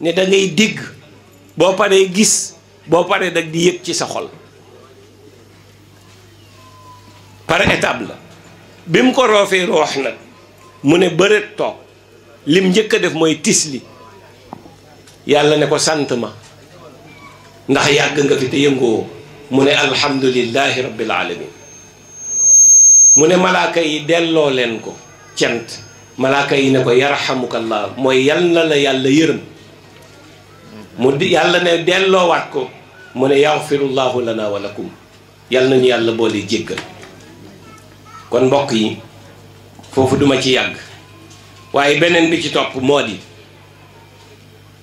ne dangay ngay boo paree gis boo paree dag di yëg ci sa xol par étape la bi mu ko roofee roox nag mu ne bëreet toog lim njëkk a def mooy tisli yàlla ne ko sant ma ndax yàgg nga fi te yëngoo mu ne alhamdulillahi rabbil alamin mu ne malaaka yi delloo leen ko cant malaaka yi ne ko yarhamukallah mooy yal na la yàlla yërëm mu di yàlla ne delloowaat ko mu ne yaxfirullahu lana wa lakum yàlla nañu yàlla boole jéggal kon mbokk yi foofu duma ci yàgg waaye beneen bi ci topp moo di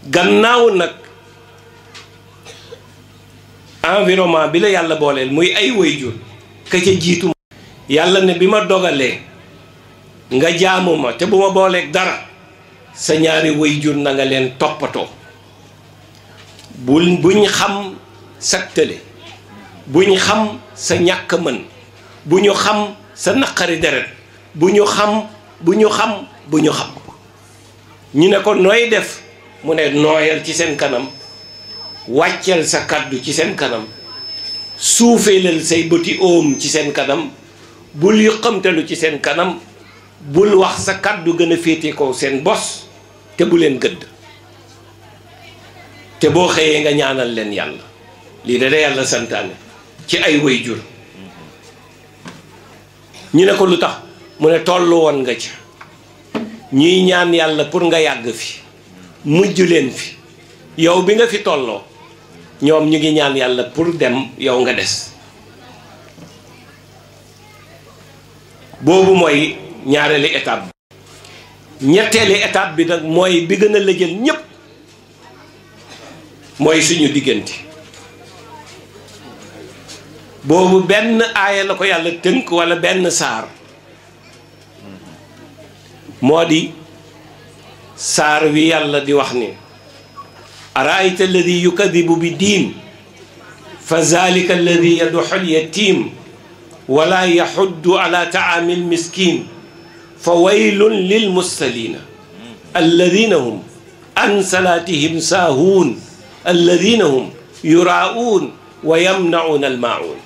gannaaw nag environment bi la yàlla booleel muy ay wayjur ka ca jiitu yàlla ne bi ma dogalee nga jaamu ma te bu ma booleeg dara sa ñaari wayjur jur nga leen toppatoo bu buñ xam sa tële buñ xam sa ñàkk mën bu ñu xam sa naqari deret bu ñu xam bu ñu xam bu ñu ne ko nooy def mu ne nooyal ci seen kanam wàcceel sa kàddu ci seen kanam suufeelal say bëti oom ci seen kanam bul yëqamtalu ci seen kanam bul wax sa kàddu gën a féete ko seen bos te bu leen gëdd te boo xëyee nga ñaanal leen yàlla lii da da yàlla santaane ci ay way jur ñu ne ko lu tax mu ne tollu woon nga ca ñuy ñaan yàlla pour nga yàgg fi mujj leen fi yow bi nga fi tolloo ñoom ñu ngi ñaan yàlla pour dem yow nga des boobu mooy ñaareelu étape bi ñetteelu étape bi nag mooy bi gën a lëjël ñépp mooy suñu diggante boobu benn aaya la ko yàlla tënk walla benn saar moo di saar wi yàlla di wax ni araayta alladi yukadibu bi diin fa zalika alladi yaduxul yatim wala yaxuddu ala taami lmiskin fa waylun lilmussalina alladina hum an salaatihim saahuun alladina hum yuraauun wa yamnauna almaauun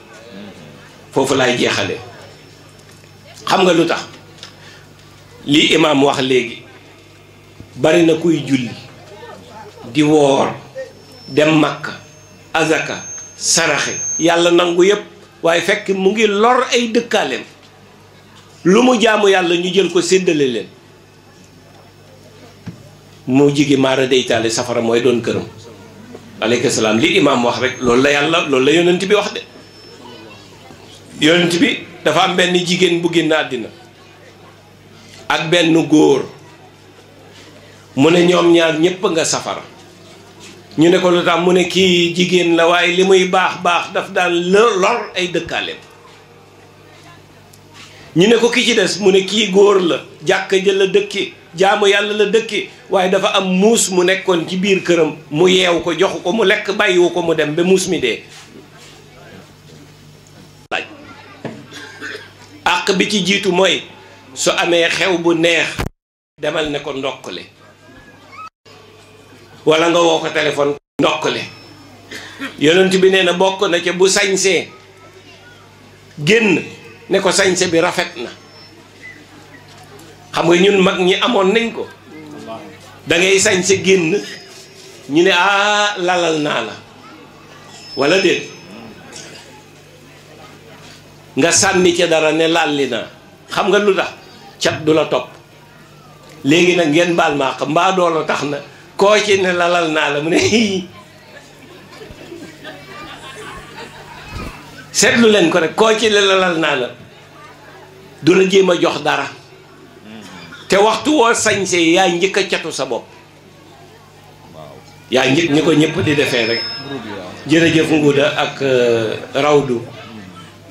foofu laay jeexale xam nga lu tax lii imaam wax léegi bari na kuy julli di woor dem makka azaka saraxe yàlla nangu yépp waaye fekk mu ngi lor ay dëkkaaleem lu mu jaamu yàlla ñu jël ko séddale leen mu jigi maara deytaale safara mooy doon këram aleyka salaam li imaam wax rek loolu la yàlla loolu la yonent bi wax de yonent bi dafa am benn jigéen bu génn àddina ak benn góor mu ne ñoom ñaar ñépp nga safara ñu ne ko lu tax mu ne kii jigéen la waaye li muy baax baax daf daan lor ay dëkkaaleem ñu ne ko ki ci des mu ne kii góor la jàkk jël la dëkki jaamu yàlla la dëkke waaye dafa am muus mu nekkoon ci biir këram mu yeew ko joxu ko mu lekk bàyyiwu ko mu dem ba muus mi dee laaj bi ci jiitu mooy su amee xew bu neex demal ne ko le wala nga woo ko téléphone ndokkale yonent bi nee na bokk na ca bu sañsee génn ne ko sañse bi rafet na xam nga ñun mag ñi amoon nañ ko da ngay sañ sa génn ñu ne ah lalal naa la wala déet nga sànni ca dara ne lalli naa xam nga lu tax cat du la topp léegi nag ngeen baal maa xam mbaa doolo tax na koo ci ne lalal naa la mu ne seetlu leen ko rek koo ci ne lalal naa la du la jéem a jox dara te waxtu woo sañsee yaa njëkk a catu sa bopp yaa njëkk ñi ko ñëpp di defee rek jërëjëf Ngouda ak euh, Rawdu hmm.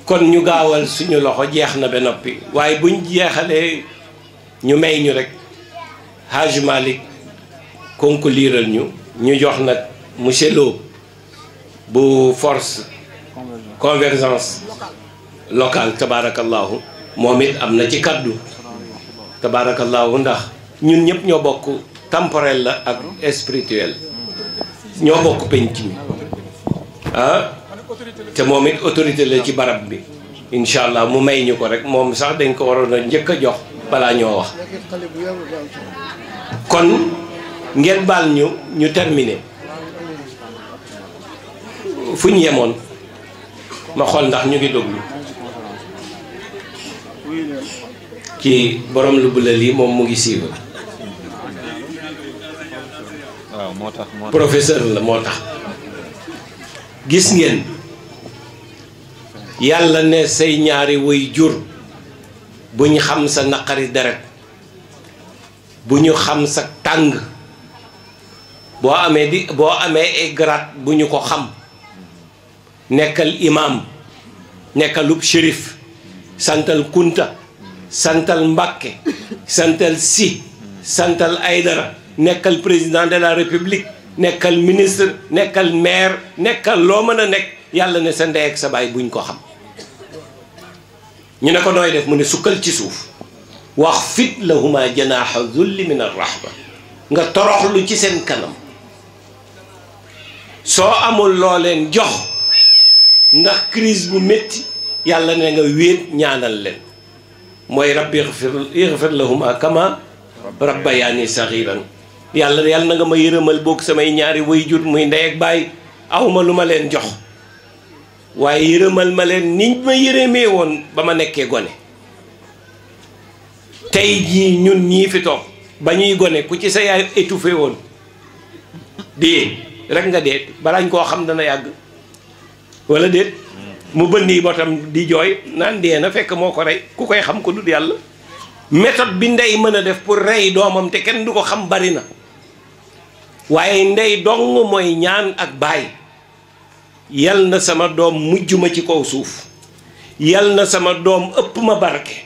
kon ñu gaawal suñu loxo jeex na ba noppi waaye buñ jeexalee ñu may ñu rek Haj Malick konku ñu ñu jox nag monsieur Lo bu force convergence locale tabarakallahu moom it am na ci kàddu tabaarakallaahu ndax ñun ñëpp ñoo bokk temporel la ak spirituel ñoo bokk penc mi ah te moom it autorité la ci barab bi incha allah mu may ñu ko rek moom sax dañ ko waroon a njëkk a jox balaa ñoo wax kon ngeen baal ñu ñu terminé fu ñu yemoon ma xool ndax ñu ngi déglu ci borom lu bulal yi moom mu ngi siiwal waaw moo tax professeur la moo tax gis ngeen yàlla ne say ñaari way jur bu ñu xam sa naqari deret bu xam sa tàng boo amee di boo amee ay grade bu ñu ko xam nekkal imam nekkalub shérif santal kunta santal Mbàkke santal si santal Aydara nekkal président de la république nekkal ministre nekkal maire nekkal loo mën a nekk yàlla ne sa ndey ak sa baay buñ ko xam ñu ne ko nooy def mu ne sukkal ci suuf wax fit lahuma janaaxa zulli min arrahma nga toroxlu ci seen kanam soo amul loo leen jox ndax crise bu métti yàlla ne nga wéet ñaanal leen mooy rabbi ixfir lahuma kama rabbayaani saxiran yàlla yàlla na nga ma yërëmal bokk samay ñaari waajur muy ndey ak baay awma lu ma leen jox waaye yërëmal ma leen niñ ma yërëmee woon ba ma nekkee gone tey jii ñun ñii fi toog ba ñuy gone ku ci sa yaay étouffé woon dee rek nga dee balaañ koo xam dana yàgg wala déet mu bënni botam di jooy naan dee na fekk moo ko rey ku koy xam ko dul yàlla méthode bi ndey mën a def pour rey doomam te kenn du ko xam bari na waaye ndey dong mooy ñaan ak baay yal na sama doom mujj ma ci kaw suuf yal na sama doom ëpp ma barke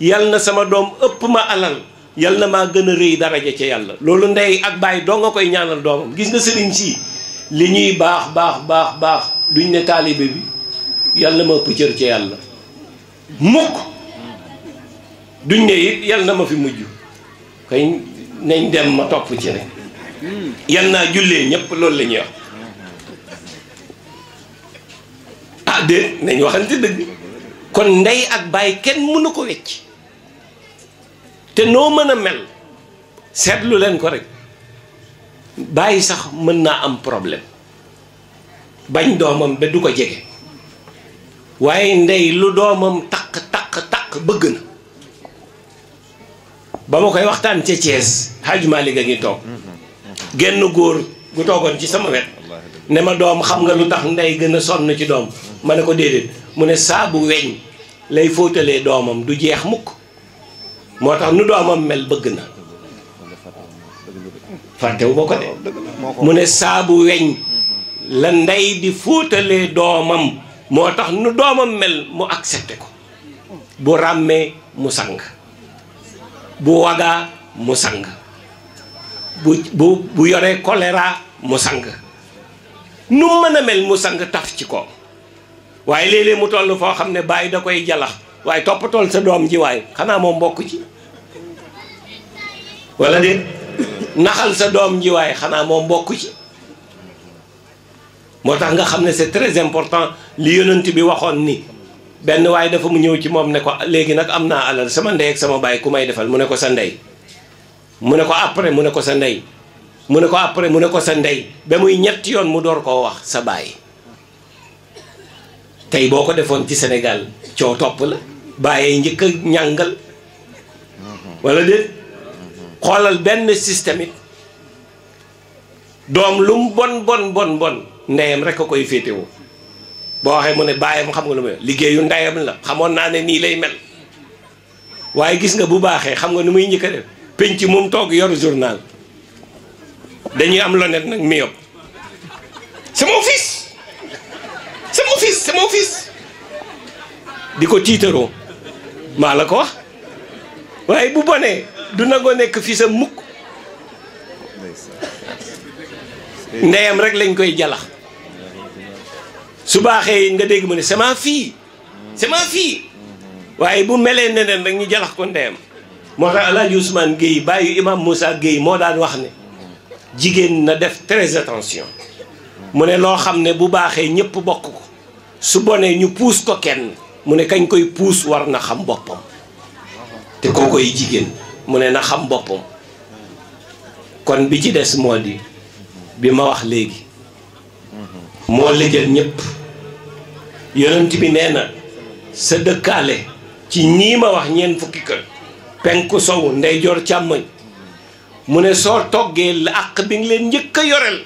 yal na sama doom ëpp ma alal yal maa gën a rëy daraja ca yàlla loolu ndey ak baay doo nga koy ñaanal doomam gis nga sëriñ si li ñuy baax baax baax baax duñ ne taalibe bi yàlla ma ëpp cër ca yàlla mukk duñ ne yàlla na ma fi mujj kay nañ dem ma topp ci rek yal naa jullee ñëpp loolu lañuy wax ah déet nañ waxante dëgg kon ndey ak baay kenn mënu ko wecc te noo mën a mel seetlu leen ko rek bàyyi sax mën naa am problème bañ doomam ba du ko jege waaye ndey lu doomam taq taq takk bëgg na ba ma koy waxtaan ca Thiès Hadj Malick a ngi toog genn góor gu toogoon ci sama wet ne ma doom xam nga lu tax ndey gën a sonn ci doom ma ne ko déedéet mu ne saabu weñ lay fóotalee doomam du jeex mukk moo tax nu doomam mel bëgg na fàttewu ko de mu ne saabu weñ la ndey di fóotalee doomam moo tax nu doomam mel mu accepté ko bu ràmmee mu sang bu wagaa mu sang bu bu bu yoree choléra mu sang nu mën a mel mu sang taf ci ko waaye léeg-léeg mu toll foo xam ne bàyyi da koy jalax waaye toppatool sa doom jiwaay xanaa moo bokk ci wala de naxal sa doom jiwaay xanaa moo mbokk ci moo tax nga xam ne c'est très important li yonent bi waxoon ni benn waaye dafa mu ñëw ci moom ne ko léegi nag am naa alal sama ndey ak sama bàyyi ku may defal mu ne ko sa ndey mu ne ko après mu ne ko sa ndey mu ne ko après mu ne ko sa ndey ba muy ñetti yoon mu door koo wax sa baay tey boo ko defoon ci Sénégal coow topp la bàyyee njëkk a walla wala xoolal benn système it doom lu mu bon bon bon bon ndeyam rek a koy féetewoo boo waxee mu ne bàyyam xam nga lu may liggéeyu ndeyam la xamoon naa ne nii lay mel waaye gis nga bu baaxee xam nga nu muy njëkk a def penc moom toog yor journal dañuy am lonet nag mi yóbbu c'est mon fils c'est di ko tiitaroo maa la ko wax waaye bu bonee du nagoo nekk fii sa mukk ndeyam rek lañ koy jalax su baaxee nga dégg mu ne c'est fii fille fii waaye bu melee neneen rek ñu jalax ko ndeyam moo tax El Hadj Ousmane Guèye bàyyi imam Moussa Guèye moo daan wax ne jigéen na def très attention mu ne loo xam ne bu baaxee ñëpp bokk ko su bonee ñu puus ko kenn mu ne kañ koy puus war na xam boppam te koo koy jigéen mu ne na xam boppam kon bi ci des moo di bi ma wax léegi moo lëjal ñépp yonent bi nee na sa dëkkaale ci ñii ma wax ñeent fukki kër penku sow ndeyjoor càmmoñ mu ne soo toggee làq bi nga leen njëkk a yoreel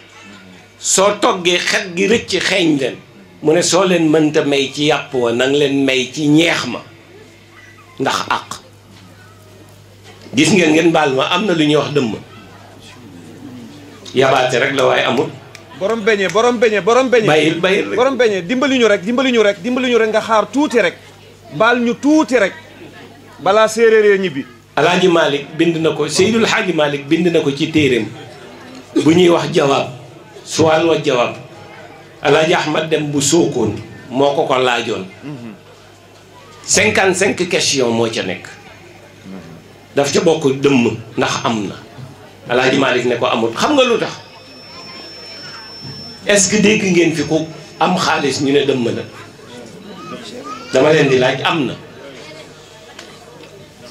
soo toggee xet gi rëcc xeeñ leen mu ne soo leen mënta may ci yàpp wa nang leen may ci ñeex ma ndax àq gis ngeen ngeen baal ma am na lu ñuy wax dëmm yabaate rek la waaye amul borom beñe borom beñe borom beñe bayil bayil borom beñe dimbali ñu rek dimbali ñu rek dimbali ñu rek nga xaar tuuti rek baal ñu tuuti rek balaa séeréer ya ñibbi alaaji Malick bind na ko Seydul Haaji Malick bind na ko ci téeréem bu ñuy wax jawaab suwaal wa jawaab alaaji Ahmad Dem bu sookoon moo ko ko laajoon cinquante cinq question moo ca nekk daf ca bokk dëmm ndax am na alaaji Malick ne ko amul xam nga lu tax est-ce que dégg ngeen fi ku am xaalis ñu ne dëmm na dama leen di laaj am na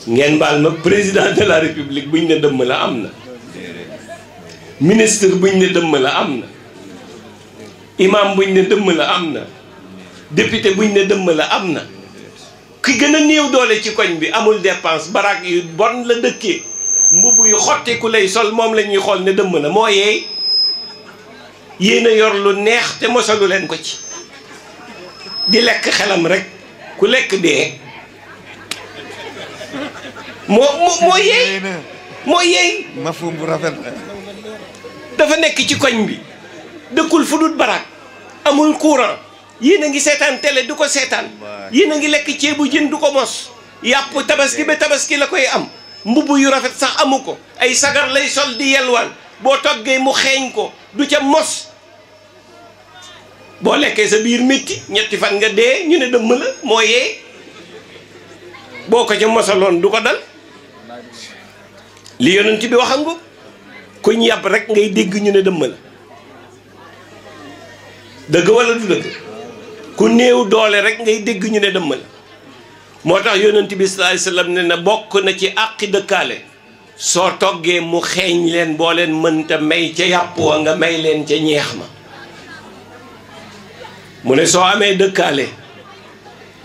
ngeen baal ma président de la république buñ ne dëmm la am na ministre buñ ne dëmm la am na imam buñ ne dëmm la am na député buñ ne dëmm la am na ki gën a néew doole ci koñ bi amul dépense baraak yu bon la dëkkee mbubb yu xotti ku lay sol moom la ñuy xool ne dëmm na moo yeey yéen a yor lu neex te mosalu leen ko ci di lekk xelam rek ku lekk dee moo moo moo yeey moo yeey bu rafet dafa nekk ci koñ bi dëkkul fu dul baraak amul courant yéen a ngi seetaan tele du ko seetaan yéen a ngi lekk ceebu jën du ko mos yàpp tabaski ba tabaski la koy am mbubb yu rafet sax amu ko ay sagar lay sol di yelwaan boo toggee mu xeeñ ko du ca mos boo lekkee sa biir métti ñetti fan nga dee ñu ne dëmm la moo yee boo ko ca mosaloon du ko dal li yonent bi wax nga ku ñu yàpp rek ngay dégg ñu ne dëmm la dëgg wala du dëgg ku néew doole rek ngay dégg ñu ne dëmm la moo tax yonent bi sallallahu ne na bokk na ci àqi dëkkaale soo toggee mu xeeñ leen boo leen mënta may ca yàpp wa nga may leen ca ñeex ma mu ne soo amee dëkkaale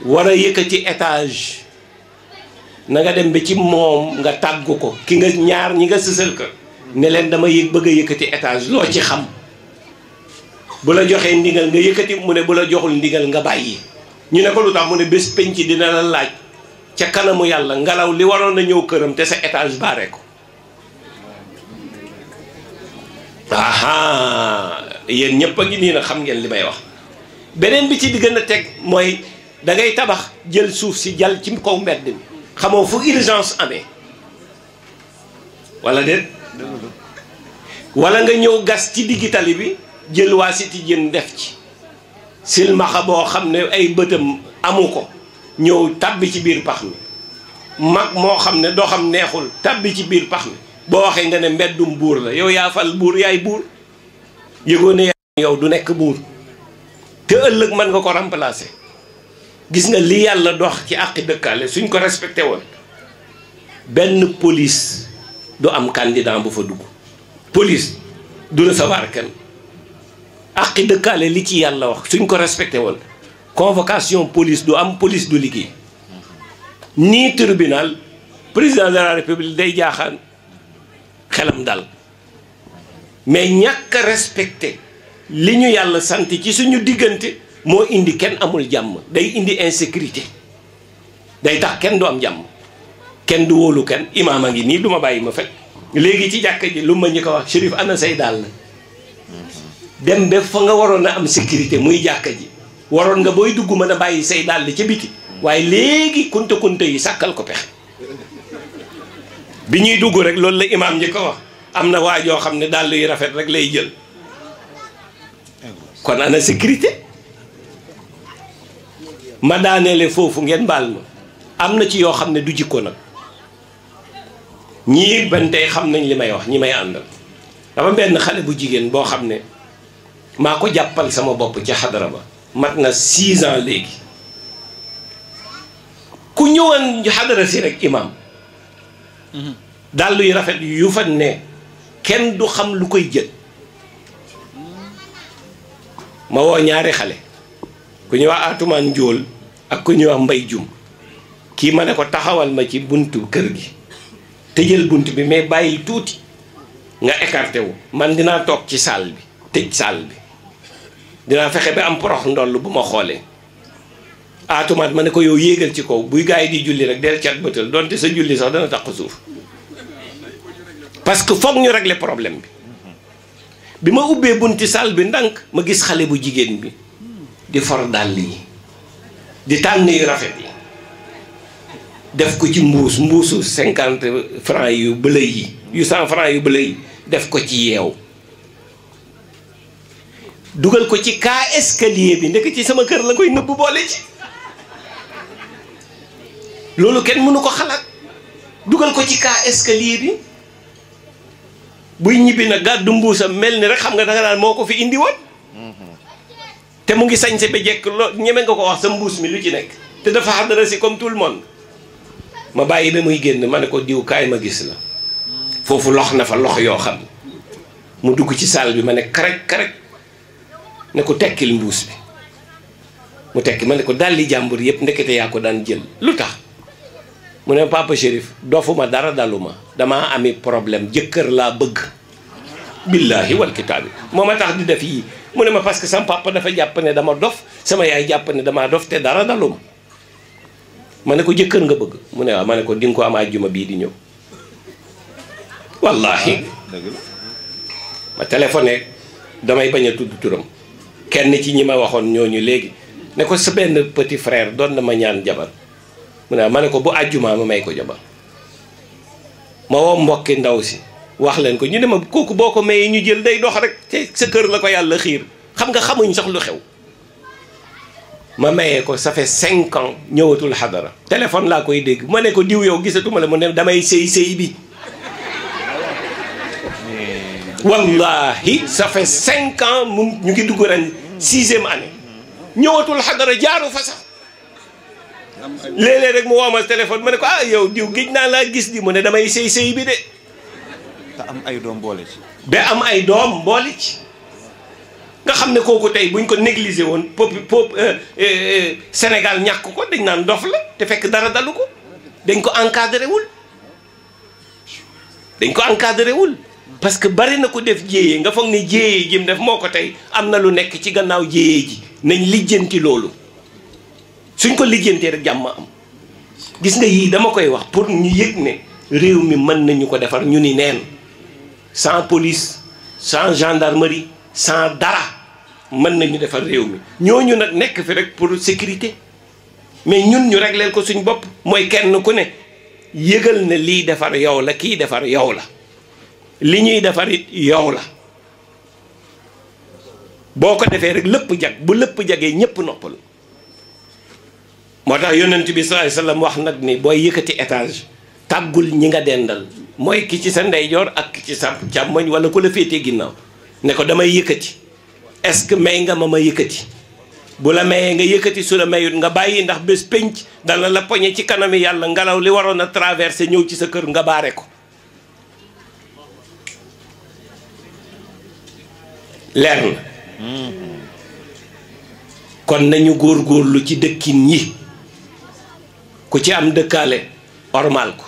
war a yëkkati étage na dem ba ci moom nga tàggu ko ki nga ñaar ñi nga sësal ka ne leen dama yëg bëgg a yëkkati étage loo ci xam bu la joxee ndigal nga yëkkati mu ne bu la joxul ndigal nga bàyyi ñu ne ko lu tax mu ne bés penc dina la laaj ca kanamu yàlla ngelaw li waroon na ñëw këram te sa étage baare ko aha yéen ñëpp a ngi nii xam ngeen li may wax beneen bi ci di gën a teg mooy da ngay tabax jël suuf si jal ci kaw mbedd mi xamoo fu urgence amee wala déet wala nga ñëw gas ci digg tali bi jël waa siti jën def ci silmaxa boo xam ne ay bëtam amu ko ñëw tàbbi ci biir pax mi mag moo xam ne doo xam neexul tàbbi ci biir pax mi boo waxee nga ne mbeddum buur la yow yaa fal buur yaay buur yëgoo ne yow du nekk buur te ëllëg mën nga ko remplacer gis nga li yàlla dox ci àqi dëkkaale suñ ko respecté woon benn police du am candidat bu fa dugg police du recevoir kenn àqi dëkkaale li ci yàlla wax suñ ko respecté woon convocation police du am police du liggéey nii tribunal président de la république day jaaxaan xelam dal mais ñàkk a respecté li ñu yàlla sant ci suñu diggante moo indi kenn amul jàmm day indi insécurité day tax kenn du am jàmm kenn du woolu kenn imaam a ngi nii du ma bàyyi ma fekk léegi ci jàkka ji lu ma ñu ko wax shérif ana say daal na dem ba fa nga waroon a am sécurité muy jàkka ji waroon nga booy dugg mën a bàyyi say daal ci biti waaye léegi kunta kunta yi sàkkal ko pexe bi ñuy dugg rek loolu la imaam ñi ko wax am na waa joo xam ne dàll yu rafet rek lay jël kon ana sécurité ma daaneele foofu ngeen baal ma am na ci yoo xam ne du jikko nag ñii ban tey xam nañ li may wax ñi may àndal dafa benn xale bu jigéen boo xam ne maa ko jàppal sama bopp ci xadara ba mat na six ans léegi ku ñëwoon xadara si rek imaam dàll yu rafet yu fa ne kenn du xam lu koy jël ma woo ñaari xale ku ñuy wax Atumaan Njool ak ku ñuy Mbay Jum kii ma ne ko taxawal ma ci buntu kër gi tëjal bunt bi mais bàyyi tuuti nga écarté wu man dinaa toog ci salle bi tëj salle bi dinaa fexe bi am porox ndoll bu ma xoolee aatumaat ma ne ko yow yéegal ci kaw buy gars yi di julli rek del cat bëtal donte sa julli sax dana taq suuf parce que foog ñu régler problème bi bi ma ubbee bunti salle bi ndànk ma gis xale bu jigéen bi di for dàll yi di tànn yu rafet yi def ko ci mbuus mbuusu cinquante franc yu bëlëy yi yu def ko ci yeew dugal ko ci kaa escalier bi ndekk ci sama kër la koy nëbb boole ci loolu kenn mënu ko xalaat dugal ko ci kaa escalier bi buy ñibbi na gàddu mbuusam mel ni rek xam nga danga naan moo ko fi indi te mu ngi sañse ba jekk loo ñeme nga ko wax sa mbuus mi lu ci nekk te dafa xadara si comme tout le ma bàyyi la muy génn ma ne ko diw kaay ma gis la foofu lox na fa lox yoo xam mu dugg ci salle bi ma ne karek karek ne ko tekkil mbuus bi mu tekki ma ne ko dalli jàmbur yëpp ndekete yaa ko daan jël lu tax mu ne papa Chérif dofuma dara daluma damaa ami problème jëkkër laa bëgg billahi wal moo ma tax di def yii mu ne ma parce que sama papa dafa jàpp ne dama dof sama yaay jàpp ne damaa dof te dara daluma ma ne ko jëkkër nga bëgg mu ne waaw ma ne ko di ko am àjjuma bii di ñëw wallahi ah, ma téléphoné damay bañ a tudd turam kenn ci ñi ma waxoon ñooñu léegi ne ko sa benn petit frère doon na ma ñaan jabar mu ne ma ne ko bu àjjuma ma may ko jabar ma woo mbokki ndaw si wax leen ko ñu ne ma kooku boo ko mayee ñu jël day dox rek te sa kër la ko yàlla xiir xam nga xamuñ sax lu xew ma mayee ko safe fait cinq ans ñëwatul xadara téléphone laa koy dégg ma ne ko diw yow gisatuma la mu ne damay sëy sëy bi wallahi ça cinq ans mu ñu ngi dugg ren sixième année ñëwatul xadara jaaru fa sax léeg-léeg rek mu woo ma téléphone ma ne ko ah yow diw géej naa laa gis di mu ne damay sëy sëy bi de. am ay doom boole ba am ay doom boole ci. nga xam ne kooku tey buñ ko négligé woon pop pop euh, euh, euh, Sénégal ñàkk ko dañ naan dof la te fekk dara dalu ko dañ ko encadré wul. dañ ko encadré wul parce que bari na ko def jéyee nga foog ne jéyee jim def moo ko tey am na lu nekk ci gannaaw jéyee ji nañ lijjanti loolu. suñ ko lijjantee rek jàmm am gis nga yii dama koy wax pour ñu yëg ne réew mi mën nañu ko defar ñu ni neen sans police sans gendarmerie sans dara mën nañu defar réew mi ñooñu nag nekk fi rek pour sécurité mais ñun ñu régleel ko suñ bopp mooy kenn ku ne yëgal ne lii defar yow la kiy defar yow la li ñuy defar yow la boo ko defee rek lépp jag bu lépp jagee ñépp noppal moo tax yonent bi sa alayhi wasallam wax nag ni booy yëkkati étage tàggul ñi nga dendal mooy ki ci sa ndeyjoor ak ki ci sa càmmoñ wala ku la féetee ginnaaw ne ko damay yëkkati est-ce may nga ma ma yëkkati bu la mayee nga yëkkati su la mayut nga bàyyi ndax bés pénc dana la poñe ci kanami yàlla ngelaw li waroon a traversé ñëw ci sa kër nga baare ko leer na hmm. kon nañu góor góorgóorlu ci dëkkin yi ku ci am dëkkaale ormaal ko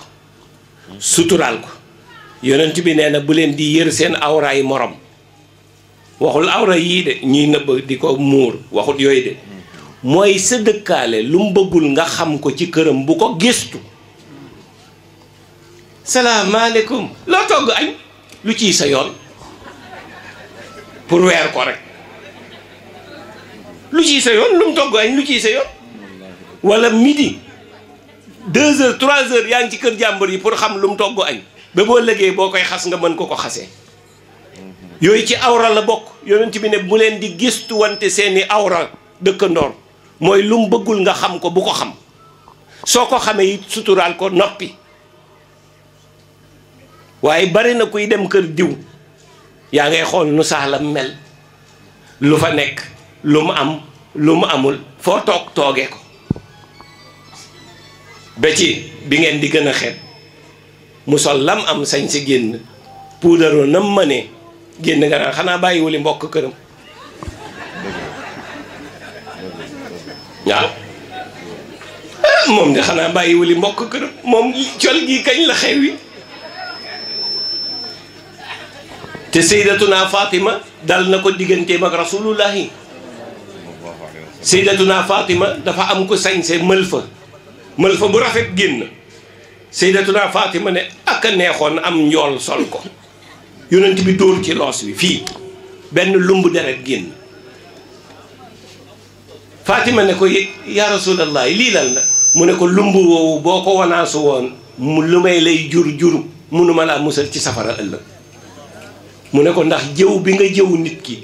suturaal ko yonent bi nee na bu leen di yër seen awraay morom waxul awra yii de ñuy nëbb di ko muur waxut yooyu de mooy sa dëkkaale lu mu bëggul nga xam ko ci këram bu ko gëstu salaamaaleykum loo togg añ lu ciy sa yoon pour weer ko rek lu ciy sa yoon lu lu ciy sa midi deux heures trois heures yaa ngi ci kër jàmbur yi pour xam lu mu togg añ ba boo liggéey boo koy xas nga mën ko ko xasee yooyu ci awra la bokk yonent bi ne bu leen di gistu wante seeni awra dëkkandoor mooy lu mu bëggul nga xam ko bu ko xam soo ko xamee it suturaal ko noppi waaye bari na kuy dem kër diw yaa ngay xool nu saalam mel lu fa nekk lu mu am lu mu amul foo toog toogee ko ba bi ngeen di gën a xeeb mu sol lam am sañ si génn puudaroo nam ne génn nga xanaa bàyyiwul mbokk këram waaw ah, moom de bàyyiwuli mbokk gi kañ la xew wi te saydatuna Fatima dal na ko digganteem ak rasulullahi saydatuna Fatima dafa am ko sañse mël fa mën fa bu rafet génn sayyidatuna Fatima ne ak a neexoon am njool sol ko yonent bi dóor ci loos bi fii benn lumb deret génn Fatima ne ko yaa rasulallah lii lan la mu ne ko lumb woowu boo ko wanaasu woon mu lu may lay jur juru munuma laa musal ci safara ëllëg mu ne ko ndax jëw bi nga jëw nit ki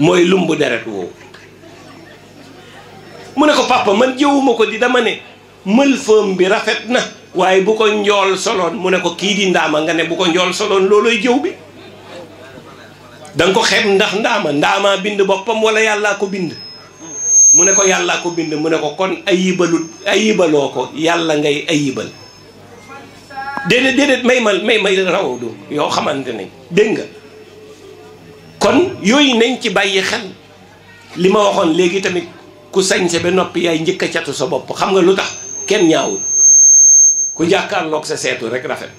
mooy lumb deret woowu mu ne ko papa man jëwuma ko di dama ne mël fëm bi rafet na waaye bu ko njool soloon mu ne ko kii di ndaama nga ne bu ko njool soloon loolooy jëw bi danga ko xem ndax ndaama ndaamaa bind boppam wala yàllaa ko bind mu ne ko yàllaa ko bind mu ne ko kon ay ayibaloo ko yàlla ngay ayibal déedéet déedéet may ma may may rawdu yoo xamante ne dégg nga kon yooyu nañ ci bàyyi xel li ma waxoon léegi tamit ku sañse ba noppi yaay njëkk a catu sa bopp xam nga lu tax kenn ñaawul ku jàkkaarloog sa seetu rek rafet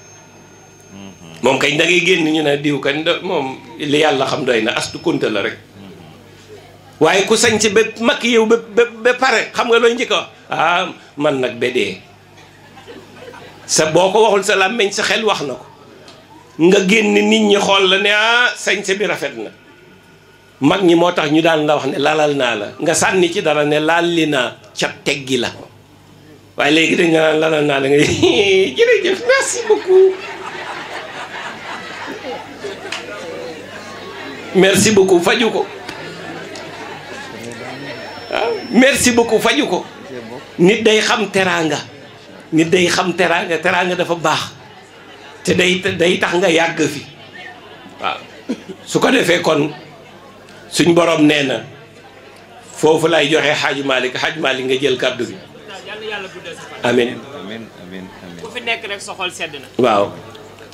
moom kañ da ngay génn ñu ne diw kañ da moom li yàlla xam doy na astu konte la rek waaye ku sañ si ba yow ba pare xam nga looy njëkk a wax ah, man nag ba dee sa boo ko waxul sa làmmiñ sa xel wax na ko nga génn nit ñi xool la ne ah bi rafet na mag ñi moo tax ñu daan la wax ne lalal naa la nga sànni ci dara ne laal li naa ca teggi la waaye léegi dañ naan lalal naa da ngay jërëjëf merci beaucoup merci beaucoup ko waaw ah, merci beaucoup faju ko nit day xam teraanga nit day xam teraanga teraanga dafa baax te day day tax nga yàgg fi waaw su ko defee kon suñ borom nee na foofu lay joxe xaaju Malick xaaju Malick nga jël kàddu gi amiin ku fi nekk rek sa xol sedd na. waaw.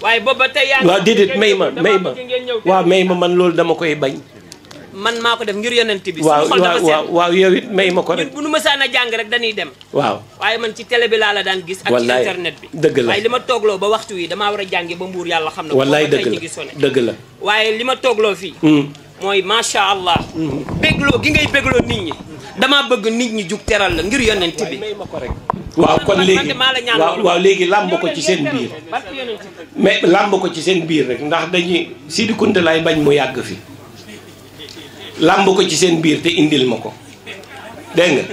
waaye booba tey yaa waaw may ma may ma waaw may ma man loolu dama koy bañ. man maa ko def ngir yonent bi. waaw waaw waaw yow may ma ko rek. ñun bu nu mësaan jàng rek dañuy dem. waaw waaye man ci télé bi laa la daan gis. ak ci internet bi dëgg la waaye li ma toogloo ba waxtu wi damaa war a jàngi ba mbuur yàlla xam na. wallaay dëgg la dëgg la waaye li ma toogloo fii. Hmm. mooy macha allah. Hmm. bégloo gi ngay bégloo nit ñi. damaa bëgg nit ñi jug teral la ngir yonent bi waaw kon léegi waaw waaw léegi làmb ko ci seen biir mais làmb ko ci seen biir rek ndax dañuy Sidi Kunta laay bañ mu yàgg fi làmb ko ci seen biir te indil ma ko dégg nga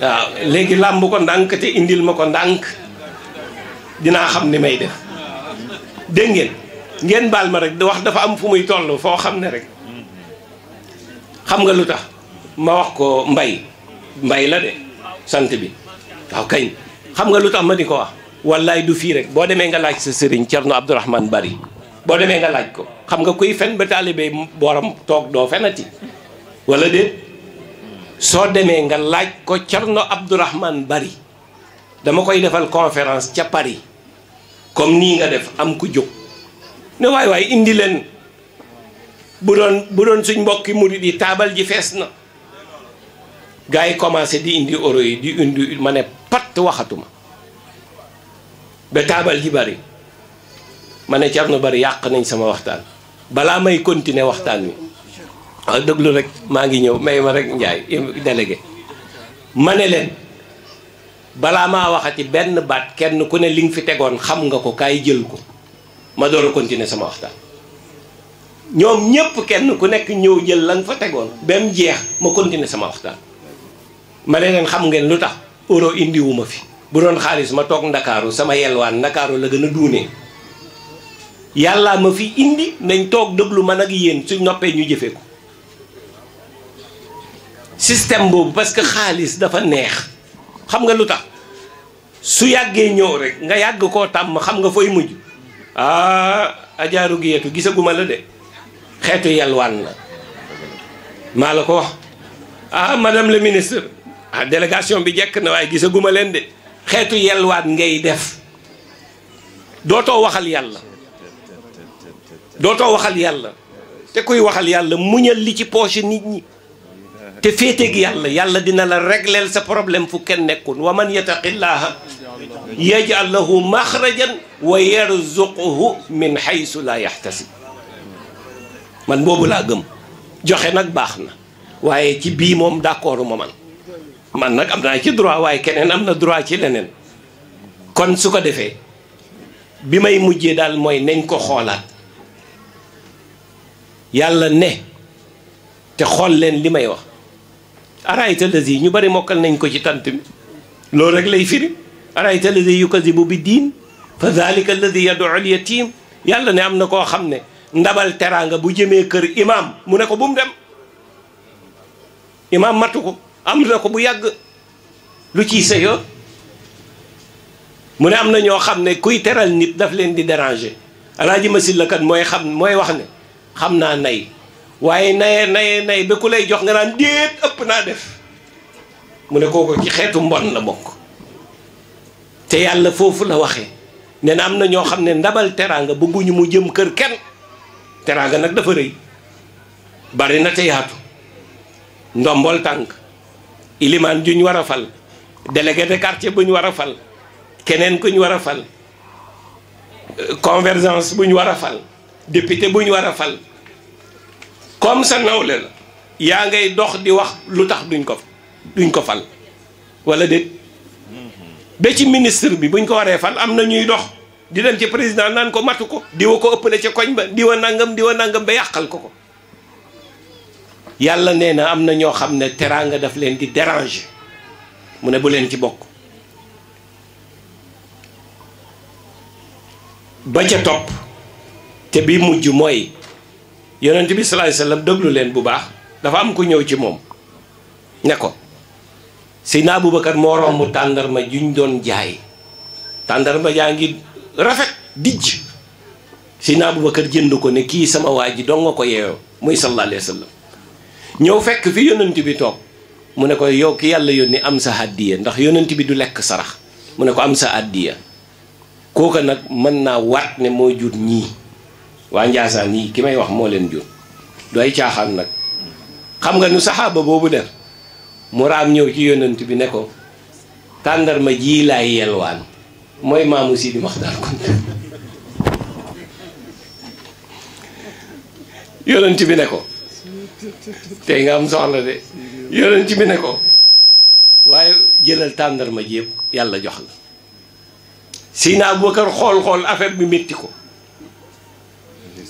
waaw léegi làmb ko ndànk te indil ma ko ndànk dinaa xam ni may def dégg ngeen ngeen baal ma rek wax dafa am fu muy toll foo xam ne rek xam nga lu tax ma wax ko mbay mbay la de sant bi waaw kañ xam nga lu tax ma ni ko wax wallaay du fii rek boo demee nga laaj sa sëriñ Cerno Abdourahmane Bari boo demee nga laaj ko xam nga kuy fen ba taalibe borom toog doo fenati wala déet soo demee nga laaj ko Cerno Abdourahmane Bari dama koy defal conférence ca Paris comme nii nga def am ku jóg ne waay waay indi leen bu doon bu doon suñ mbokki murid yi taabal ji fees na gars yi commencé di indi euro yi di indi ma ne pat waxatuma ba taabal ji bari ma ne Thierno Bari yàq nañ sama waxtaan balaa may continuer waxtaan wi waaw déglu rek maa ngi ñëw may ma rek Ndiaye délégué ma ne leen balaa maa waxati benn baat kenn ku ne li nga fi tegoon xam nga ko kaay jël ko ma door a continuer sama waxtaan ñoom ñépp kenn ku nekk ñëw jël la nga fa tegoon ba mu jeex ma continuer sama waxtaan ma ne leen xam ngeen lu tax euro indiwuma fi bu doon xaalis ma toog ndakaaru sama yelwaan ndakaaru la gën a duune yàlla ma fi indi nañ toog lu man ak yéen su noppee ñu jëfee ko système boobu parce que xaalis dafa neex xam nga lu tax su yàggee ñëw rek nga yàgg koo tàmm xam nga fooy mujj ah ajaaru gi yetu gisaguma la de xeetu yelwaan la maa la ko wax ah madame la ministre ah délégation bi jekk na waaye gisaguma leen de xeetu yelwaat ngay def dootoo waxal yàlla dootoo waxal yàlla te kuy waxal yàlla muñal li ci poche nit ñi te féeteeg yàlla yàlla dina la régleel sa problème fu kenn nekkul wa man yattaqillaha yaj'al lahu maxrajan wa yarzuquhu min xaysu laa yaxtasib man boobu laa gëm joxe nag baax na waaye ci bii moom d'accord ma man man nag am naa ci droit waaye keneen am na droit ci leneen kon su ko defee bi may mujjee daal mooy nañ ko xoolaat yàlla ne te xool leen li may wax arayta yi ñu bari mokkal nañ ko ci tant mi loolu rek lay firi arayta lazi yukazibu bi diin fa dalika allazi yadu al yatim yàlla ne am na koo xam ne ndabal teraanga bu jëmee kër imaam mu ne ko bu mu dem imaam matu ko am na ko bu yàgg lu ciy sa mu ne am na ñoo xam ne kuy teral nit daf leen di déranger alaaji masilla kat mooy xam mooy wax ne xam naa nay waaye naye naye nay ba ku lay jox nga naan déet ëpp naa def mu ne kooku ci xeetu mbon la bokk te yàlla foofu la waxee nee am na ñoo xam ne ndabal teraanga bëgguñu mu jëm kër kenn teraanga nag dafa rëy bari na te yaatu ndombol tànk ilimaan ju ñu war a fal délégué de quartier bu ñu war a fal keneen ku ñu war a fal convergence bu ñu war a fal député bu ñu war a fal comme sa nawle la yaa ngay dox di wax lu tax duñ ko duñ ko fal wala déet ba ci ministre bi buñ ko waree fal am na ñuy dox di dem ci président naan ko matu ko diwa ko ëppale ca koñ ba diwa nangam diwa nangam ba yàqal ko ko yàlla nee na am na ñoo xam ne teraanga def leen di déranger mu ne bu leen ci bokk ba ca topp te bi mujj mooy yonent bi salaay sallam déglu leen bu baax dafa am ku ñëw ci moom ne ko si naa Seydina Abubakar moo romb tàndarma juñ doon jaay tàndarma yaa ngi rafet dijj si naa Seydina Abubakar jënd ko ne kii sama waa ji doo nga ko yeeyoo muy sallallahu alayhi wa ñëw fekk fi yonent bi toog mu ne ko yow ki yàlla yónni am sa àddiya ndax yonent bi du lekk sarax mu ne ko am sa àddiya kooka nag mën naa wat ne moo jur ñii waa njaasaan yi ki may wax moo leen jur du caaxaan nag xam nga nu saxaaba boobu def mu raam ñëw ci yonent bi ne ko tàndarma jii laay yelwaan mooy maamu si di maxtaar konte yonent bi ne ko tey nga am soxla de yonent ci bi ne ko waaye jëlal tàndarma ji yëpp yàlla jox la Sina Abubakar xool-xool affaire bi métti ko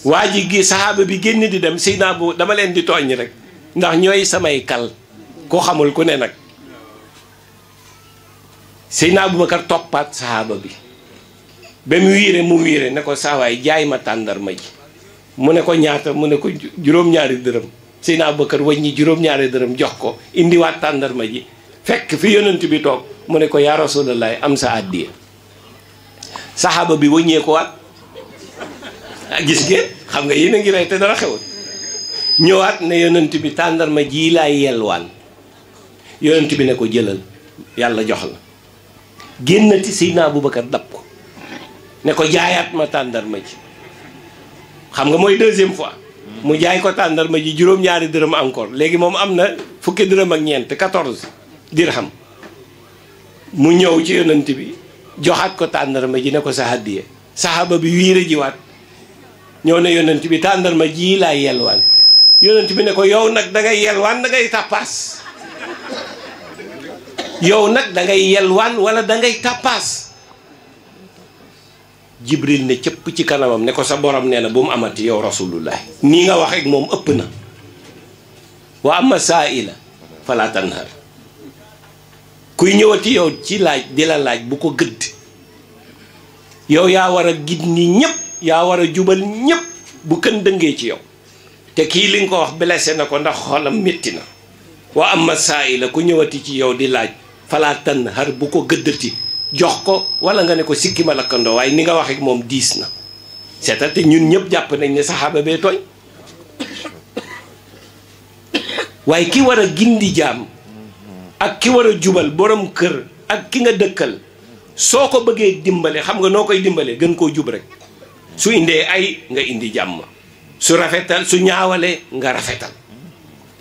waa ji gi saxaaba bi génn di dem Sina bu dama leen di tooñ rek ndax ñooy samay kal ku xamul ku ne nag Sina Abubakar toppaat saxaaba bi ba mu wiire mu wiire ne ko saawaay jaay ma tàndarma ji mu ne ko ñaata mu ne ko juróom-ñaari dërëm Seydina Abubakar wàññi juróom-ñaari dërëm jox ko indiwaat tàndarma ji fekk fi yonent bi toog mu ne ko yaa rasulallah am sa àddiya saxaaba bi wàññeekuwaat ah, gis ngeen xam nga yi a ngi rey te dara xewul ñëwaat ne yonent bi tàndarma jii laay yelwaan yonent bi ne ko jëlal yàlla jox la génnati bu bëkka dab ko ne ko jaayaat ma tàndarma ji xam nga mooy deuxième fois mu jaay ko tàndarma ji juróom-ñaari dërëm encore léegi moom am na fukki dërëm ak ñeent quatorze dirham mu ñëw ci yonent bi joxaat ko tàndarma ji ne ko sa hàddiya saxaaba bi wiire jiwaat ñëw ne yonent bi tàndarma ji laay yelwaan yonent bi ne ko yow nag dangay ngay yelwaan da ngay tàppaas yow nag dangay ngay yelwaan wala dangay tappaas jibril ne cëpp ci kanamam ne ko sa borom nee na bu mu amati yow rasulullahi nii nga wax ak moom ëpp na wa ama saa ila fala tanhar kuy ñëwati yow ci laaj di la laaj bu ko gëdd yow yaa war a gid ni ñépp yaa war a jubal ñépp bu kën dëngee ci yow te kii li nga ko wax blessé na ko ndax xolam metti na wa ama saa ila ku ñëwati ci yow di laaj fala tanhar bu ko gëddati jox ko wala nga ne ko sikki ma lakkandoo waaye ni nga wax moom diis na cest te ñun ñëpp jàpp nañ ne saxaaba bee tooñ waaye ki war a gindi jaam ak ki war a jubal borom kër ak ki nga dëkkal soo ko bëggee dimbale xam nga noo koy dimbale gën koo jub rek su indee ay nga indi jàmm su rafetal su ñaawale nga rafetal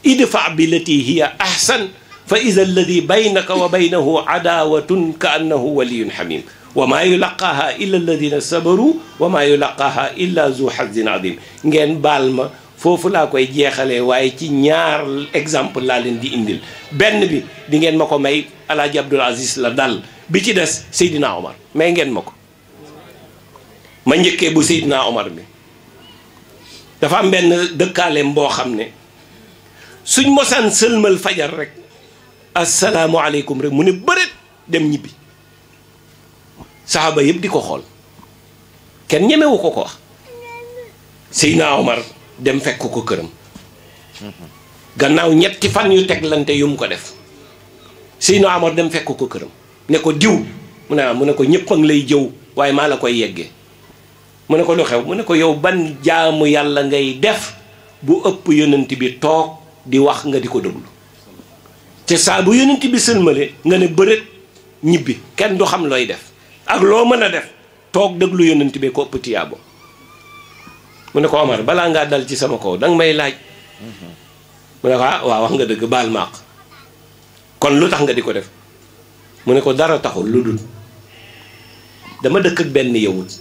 idfa bi lati hiya ahsan fa ida alladi baynaka wa baynahu adaawatun ka annahu waliyun xamim wa maa yulaqaaha illa alladina sabaru wa maa yulaqaaha illa zu xazin adim ngeen baal ma foofu laa koy jeexalee waaye ci ñaar exemple laa leen di indil benn bi di ngeen ma ko may alaaji abdul aziz la dal bi ci des seydina omar may ngeen ma ko ma njëkkee bu seydina omar bi dafa am benn dëkkaaleem boo xam ne suñ mosaan sëlmal fajar rek asalaamualeykum rek mu ne bëreet dem ñibbi saxaaba yépp di ko xool kenn ñemewu ko ko wax Seydina Omar dem fekk ko këram gannaaw ñetti fan yu teglante yu mu ko def Seydina dem fekk ko këram ne ko diw mu ne mu ne ko ñëpp lay jëw waaye maa la koy yeggee mu ne ko lu xew mu ne ko yow ban jaamu yàlla ngay def bu ëpp yonent bi toog di wax nga di ko déglu te saa bu bi sëlmale nga ne bërët ñibbi kenn du xam looy def ak loo mën a def toog déglu yonent bi ko ëpp tiyaabo mu ne ko Omar balaa ngaa dal ci sama kaw danga may laaj mu ne ko ah waaw wax nga dëgg baal maaq kon lu tax nga di ko def mu ne ko dara taxul lu dul dama dëkk ak benn yawut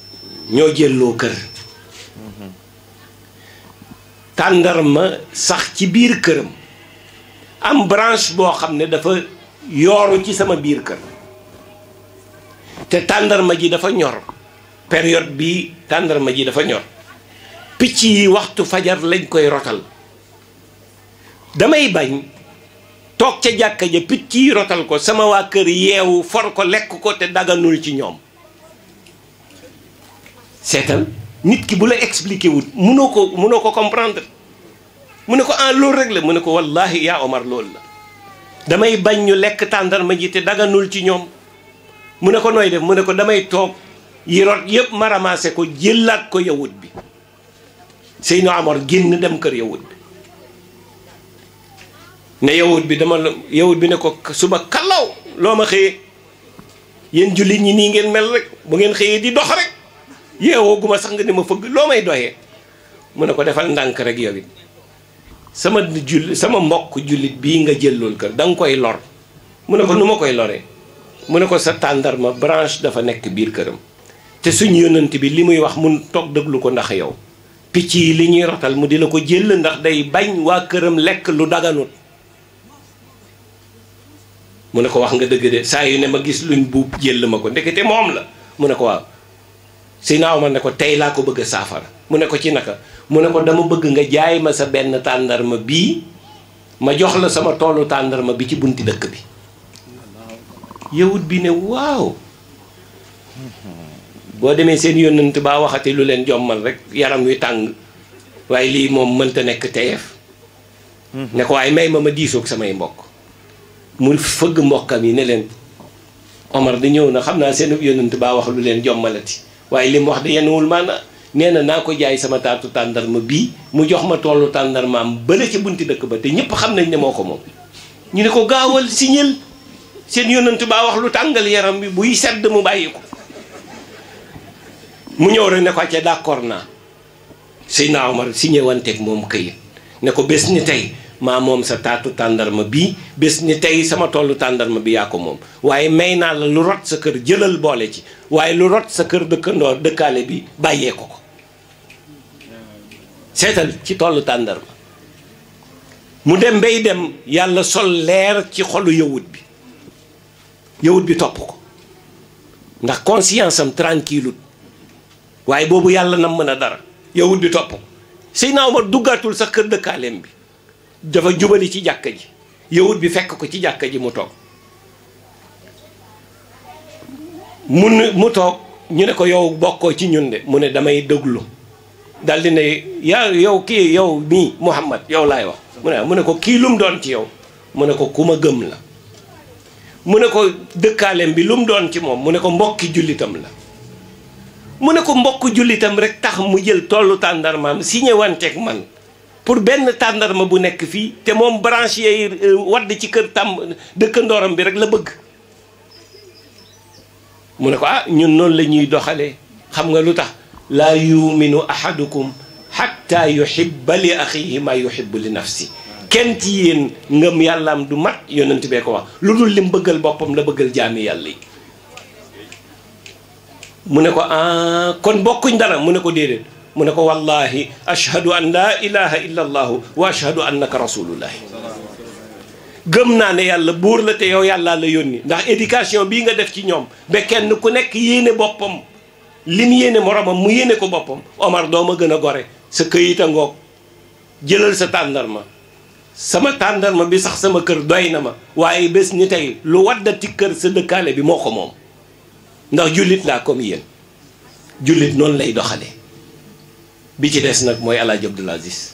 ñoo jëlloo kër tàndarma sax ci biir këram am branche boo xam ne dafa yooru ci sama biir kër te tàndarma ji dafa ñor période bi tàndarma ji dafa ñor picc yi waxtu fajar lañ koy rotal damay bañ toog ca jàkka ja picc yi rotal ko sama waa kër yeewu for ko lekk ko te dagganul ci ñoom seetal nit ki bu la expliqué wut munoo ko munoo ko comprendre mu ne ko en ah, loolu rek la mu ne ko wallahi yaa Omar loolu la damay bañ ñu lekk tàndarma ji te daganul ci ñoom mu ne ko nooy def mu ne ko damay toog yi yëpp ma ko jëlaat ko yawut bi Seydina Omar génn dem kër yawut ne yawut bi dama yawut bi ne ko suba kallaw loo ma xëyee yéen jullit ñi nii ngeen mel rek bu ngeen xëyee di dox rek yeewoo guma sax nga ne ma fëgg loo may doyee mu ne ko defal ndànk rek yow it sama julli sama mbokk jullit bii nga jël loolu kër da koy lor mu ne ko nu ma koy loree mu ne ko sa tàndarma branche dafa nekk biir këram te suñu yonent bi li muy wax mun toog déglu ko ndax yow picc yi li ñuy rotal mu di la ko jël ndax day bañ waa këram lekk lu daganut mu ne ko wax nga dëgg de saa yu ne ma gis luñ buub jël ma ko ndekete moom la mu ne ko waaw si naaw ma ne ko tey laa ko bëgg a saafara mu ne ko ci naka mu ne ko dama bëgg nga jaay ma sa benn tàndarma bii ma jox la sama toolu tàndarma bi ci bunt dëkk bi yawut bi ne waaw boo demee seen yónnant baa waxati lu leen jommal rek yaram wi tàng waaye lii moom mënta nekk teyeef ne ko waaye may ma ma diisoog samay mbokk mu fëgg mbokkam yi ne leen Omar di ñëw na xam naa seen yónnant baa wax lu leen jommalati waaye li mu wax de yenuwul maanaa nee na naa ko jaay sama taatu tàndarma bii mu jox ma tollu tàndarmaam bële ca bunti dëkk ba te ñëpp xam nañ ne moo ko moom ñu ne ko gaawal signal seen yonent baa wax lu tàngal yaram bi buy sedd mu bàyyi ko mu ñëw rek ne ko ca d'accord naa Seydina Omar moom këyit ne ko bés ni tey maa moom sa taatu tàndarma bii bés ni tey sama tollu tàndarma bi yaa ko moom waaye may naa la lu rot sa kër jëlal boole ci waaye lu rot sa kër dëkkandoo dëkkaale bi bàyyee ko ko seetal ci tollu tàndarma mu dem bay dem yàlla sol leer ci xolu yawut bi yawut bi topp ko ndax conscience am tranquille waaye boobu yàlla nam mën a dara yawut bi topp ko Seydina Omar duggaatul sax kër dëkkaaleem bi dafa jubali ci jàkka ji yawut bi fekk ko ci jàkka ji mu toog mun mu toog ñu ne ko yow bokkoo ci ñun de mu ne damay déglu dal di ne yaa yow kii yow mii Muhammad yow laay wax mu ne mu ne ko kii lu doon ci yow mu ne ko ku ma gëm la mu ne ko dëkkaaleem bi lum doon ci moom mu ne ko mbokki jullitam la mu ne ko mbokk jullitam rek tax mu jël tollu tàndarmaam signé man pour benn tàndarma bu nekk fii te moom branche yi euh, wadd ci kër tàmm dëkkandooram bi rek la bëgg mu ne ko ah ñun noonu la ñuy doxalee xam nga lu tax laa yuuminu ahadukum xatta yuhibba li axihi ma kenn ci yéen du mat yonent bee ko wax lu dul lim bëggal boppam la bëggal jaami yàlla mu ne ko ah kon bokkuñ dara mu ne ko déedéet mu ne ko wallahi ashhadu an laa ilaha illa allahu wa ashhadu annaka rasulullahi gëm naa ne yàlla buur la te yow yàllaa la yónni ndax éducation bii nga def ci ñoom ba kenn ku nekk yéene boppam li mu yéene moromam mu yéene ko boppam Omar doo ma gën a gore sa këyit a ngoog jëlal sa tàndarma sama tàndarma bi sax sama kër doy na ma waaye bés ni tey lu waddati kër sa dëkkaale bi moo ko moom ndax jullit laa comme yéen jullit noonu lay doxale bi ci des nag mooy Alaaji Abdul Aziz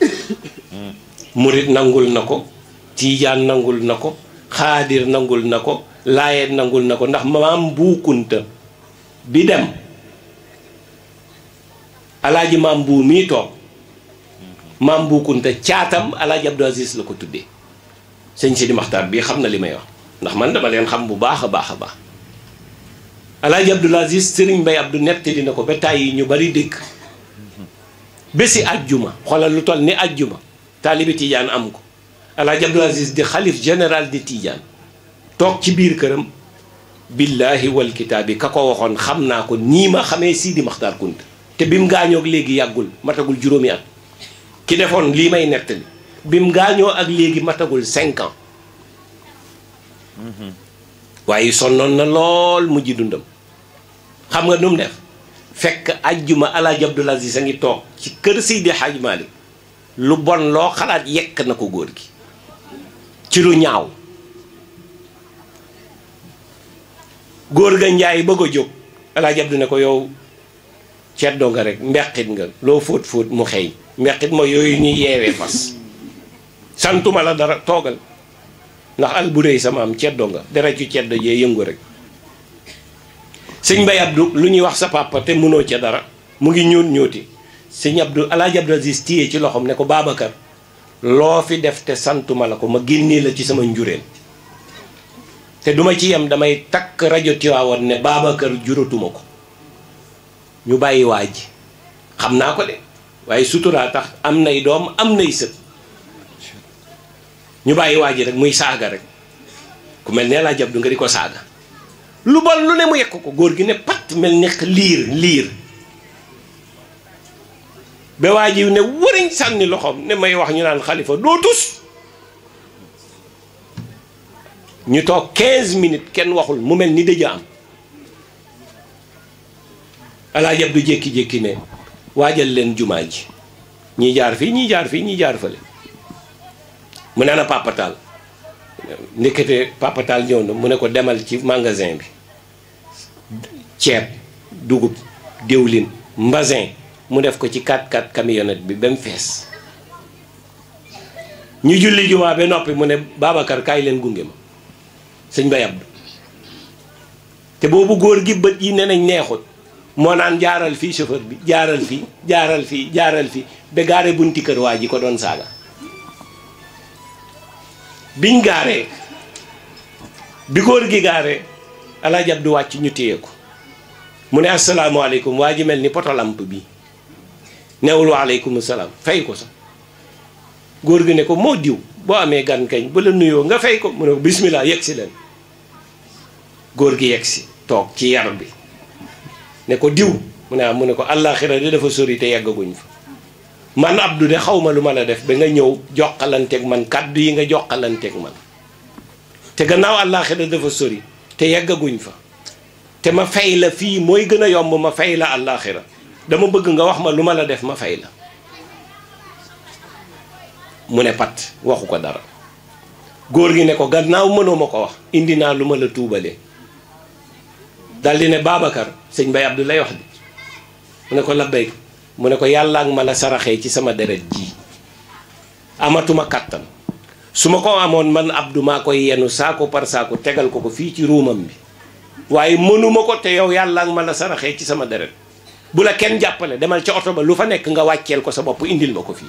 hmm. murit nangul na ko tiijaan nangul na ko xaadir nangul na ko laayeen nangul na ko ndax maam buukunta bi dem alaaji maam bu mii toog maam bu kunta caatam alaaji Abdou Aziz la ko tuddee sëñ Sidi Maxtaar bii xam na li may wax ndax man dama leen xam bu baax a baax a baax alaaji Abdou Aziz sëriñ Mbay Abdou nettali na ko ba tàyyi ñu bari dégg bési ajjuma xoolal lu toll ni ajjuma taalibi tiijaan am ko alaaji Abdou Aziz di xalif général di Tidiane toog ci biir këram billaahi wal kitaabi ka ko waxoon xam naa ko nii ma xamee Sidi Maxtaar Kunta te bi mu gaañoo ak léegi yàggul matagul juróomi at ki defoon lii may nettali bi mu gaañoo ak léegi matagul cinq ans mhm. waaye noon na lool mujj dundam xam nga nu mu def fekk ajjuma alaaji Abdul Aziz a ngi toog ci kër Seydi Hadj lu bon loo xalaat yekk na ko góor gi ci lu ñaaw góor ga njaay bëgg a jóg alaaji Abdu ne ko yow ceddoo nga rek mbeqit nga loo fóot fóot mu xëy mbeqit ma yooyu ñuy yeewee fas santuma la dara toogal ndax al bu rëy sama am ceddoo nga dara ci ceddo jee yëngu rek sëñ Bay Abdu lu ñuy wax sa papa te mënoo ca dara mu ngi ñuut ñuuti sëñ Abdu alaaji Abdu Aziz téye ci loxoom ne ko Babacar loo fi def te santuma la ko ma génnee la ci sama njureel te duma ci yem damay takk rajo Tiwaawan ne Babacar juratuma ko ñu bàyyi waa ji xam naa ko de waaye suturaa tax am nay doom am nay sët ñu bàyyi waa ji rek muy saaga rek ku mel ne laa jab du nga di ko saaga lu bon lu ne mu yekk ko góor gi ne pat mel ne liir liir ba waa ji ne wëriñ sànni loxoom ne may wax ñu naan xalifa doo tus ñu toog 15 minutes kenn waxul mu mel ni dëj am alaa du jékki-jékki ne waajal leen jumaa ji ñii jaar fii ñii jaar fii ñii jaar fële mu ne ana papatal ndekete papatal ñëw na mu ne ko demal ci magasin bi ceeb dugub diwlin mbasin mu def ko ci 4x4 bi ba mu fees ñu julli jumaa ba noppi mu ne Babacar kaay leen gunge ma sëñ Baye Abdou te boobu góor gi bët yi ne nañ neexul moo naan jaaral fii chauffeur bi jaaral fii jaaral fii jaaral fii ba gaare bunti kër waa ji ko doon saaga biñ gaaree bi góor gi gaaree Alaaji du wàcc ñu téye ko mu ne asalaamaaleykum waa ji mel ni poto lamp bi newul waaleykum salaam fay ko sax góor gi ne ko moo diw boo amee gan kañ bu la nuyoo nga fay ko mu ne ko bismillah yegg si leen góor gi yegg si toog ci yar bi ne ko diw mu ne ah mu ne ko àllaaxira di dafa sori te yàggaguñ fa man Abdou de xaw ma lu ma la def ba nga ñëw joxalanteeg man kàddu yi nga joxalanteeg man te gannaaw dafa sori te yàggaguñ fa te ma fay la fii mooy gën a yomb ma fay la allaaxira dama bëgg nga wax ma lu ma la def ma fay la mu ne pat waxu ko dara góor gi ne ko gannaaw mënoo ma ko wax indi naa lu ma la tuubalee daldi ne Babacar sëñ Mbay Abdu lay wax bi mu ne ko la labbay mu ne ko yàlla ak ma la saraxee ci sama deret ji amatuma kàttan su ma ko amoon man Abdu maa koy yenu saako par saako tegal ko ko fii ci ruumam bi waaye mënuma ko te yàlla ak ma la saraxee ci sama deret bu la kenn jàppale demal ca oto ba lu fa nekk nga wàcceel ko sa bopp indil ma ko fii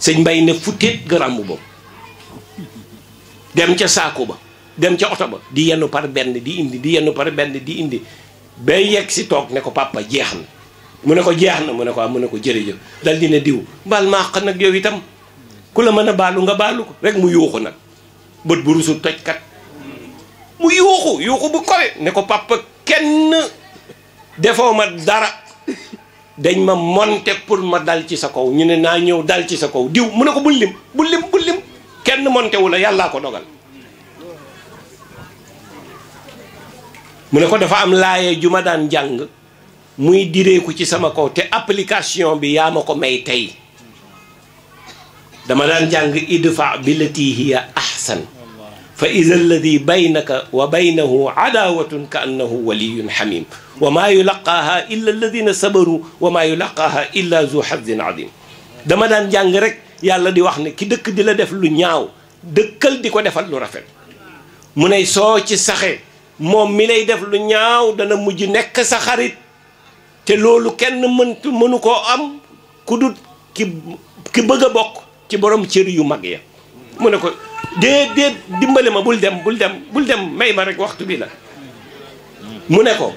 sëñ mbay ne futteet garaam boobu dem ca saako ba dem ca oto ba di yenn par benn di indi di yenn par benn di indi ba yegg si toog ne ko papa jeex na mu ne ko jeex na mu ne ko ah mu ne ko jërëjëf dal di ne diw baal maa xam nag yow itam ku la mën a baalu nga baalu ko rek mu yuuxu nag bët bu rusul tojkat mu yuuxu yuuxu bu kowe ne ko papa kenn defoo ma dara dañ ma monter pour ma dal ci sa kaw ñu ne naa ñëw dal ci sa kaw diw mu ne ko bul lim bul lim bul kenn monter la yàllaa ko dogal mu ne ko dafa am laaye ju ma daan jàng muy direeku ci sama kaw te application bi yaa ma ko may tey dama daan jàng idfa bi lati hiya ahsan fa ida alladi baynaka wa baynahu adaawatun ka annahu waliyun xamim wa maa yulaqaaha illa alladina sabaru wa maa yulaqaaha illa zu xadin adim dama daan jàng rek yàlla di wax ne ki dëkk di la def lu ñaaw dëkkal di ko defal lu rafet mu ne soo ci saxe moom mi lay def lu ñaaw dana mujj nekk sa xarit te loolu kenn mëntu mënu koo am ku dut ki ki bëgg a bokk ci borom cër yu mag ya mu ne ko déedéet dimbale ma bul dem bul dem bul dem may ma rek waxtu bi la mu ne ko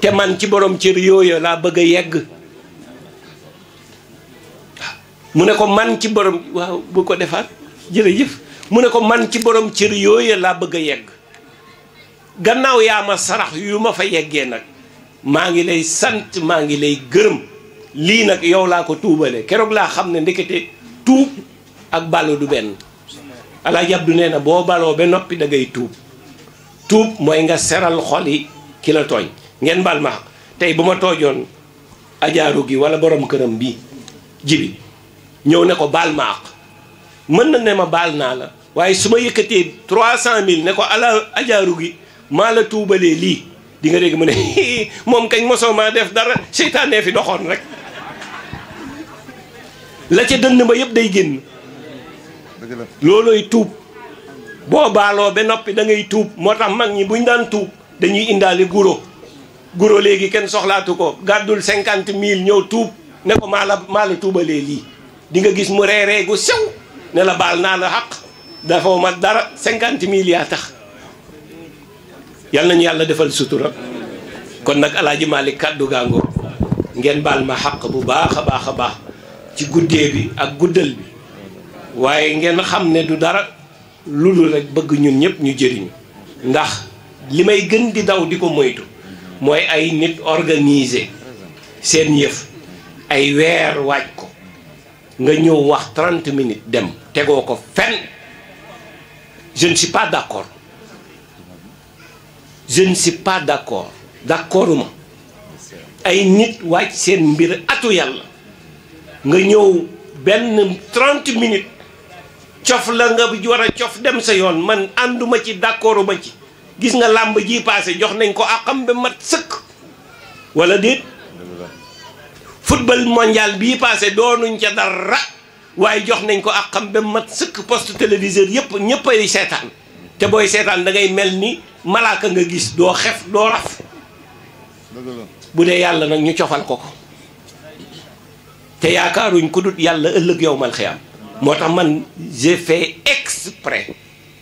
te man ci borom cër yooyu laa bëgg a yegg mu ne ko man ci borom waaw bu mu ne ko man ci borom cër yooyu laa bëgg a yegg gannaaw yaa ma sarax yu ma fa yeggee nag maa ngi lay sant maa ngi lay gërëm lii nag yow laa ko tuubale keroog laa xam ne ndekete tuub ak bàllu du benn Alaaji du nee na boo baloo ba noppi da ngay tuub tuub mooy nga seral xol yi ki la tooñ ngeen baal ma tey bu ma toojoon ajaaru gi wala borom këram bi jibi ñëw ne ko baal ma àq mën na ne ma baal naa la waaye su ma yëkkatee trois cent mille ne ko ala ajaaru gi maa la tuubalee lii di nga dégg mu ne moom kañ mosoo maa def dara seytaane fi doxoon rek la ca dënd ba yëpp day génn loolooy tuub boo baaloo ba noppi dangay tuub moo tax mag ñi bu ñu daan tuub dañuy indaale guro guro léegi kenn soxlaatu ko gàddul cinquante mille ñëw tuub ne ko maa la maa la tuubalee lii di nga gis mu reeree gu sew ne la baal naa la xaq dafa ma dara cinquante mille yaa tax yal nañu yàlla defal sutura kon nag alaaji Malick kàddu gàngoor ngeen baal ma xaq bu baax a baax a baax ci guddee bi ak guddal bi waaye ngeen xam ne du dara lu dul rek bëgg ñun ñëpp ñu jëriñu ndax li may gën di daw di ko moytu mooy ay nit organiser seen yëf ay weer waaj ko nga ñëw wax 30 minutes dem tegoo ko fenn je ne suis pas d'accord je ne suis pas d'accord d'accorduma ay nit waaj seen mbir atu yàlla nga ñëw benn 30 minutes cof la nga war a cof dem sa yoon man ànduma ci d'accordu ma ci gis nga làmb ji passé jox nañ ko àqam ba mat sëkk walla déet football mondial bii passé doonuñ ca dara waaye jox nañ ko àqam ba mat sëkk poste téléviseur yëpp ñëpp ay seetaan te booy seetaan da ngay mel ni malaaka nga gis doo xef doo raf bu dee yàlla nag ñu cofal ko ko te yaakaaruñ ku dut yàlla ëllëg yow mal moo tax man j'ai fait exprès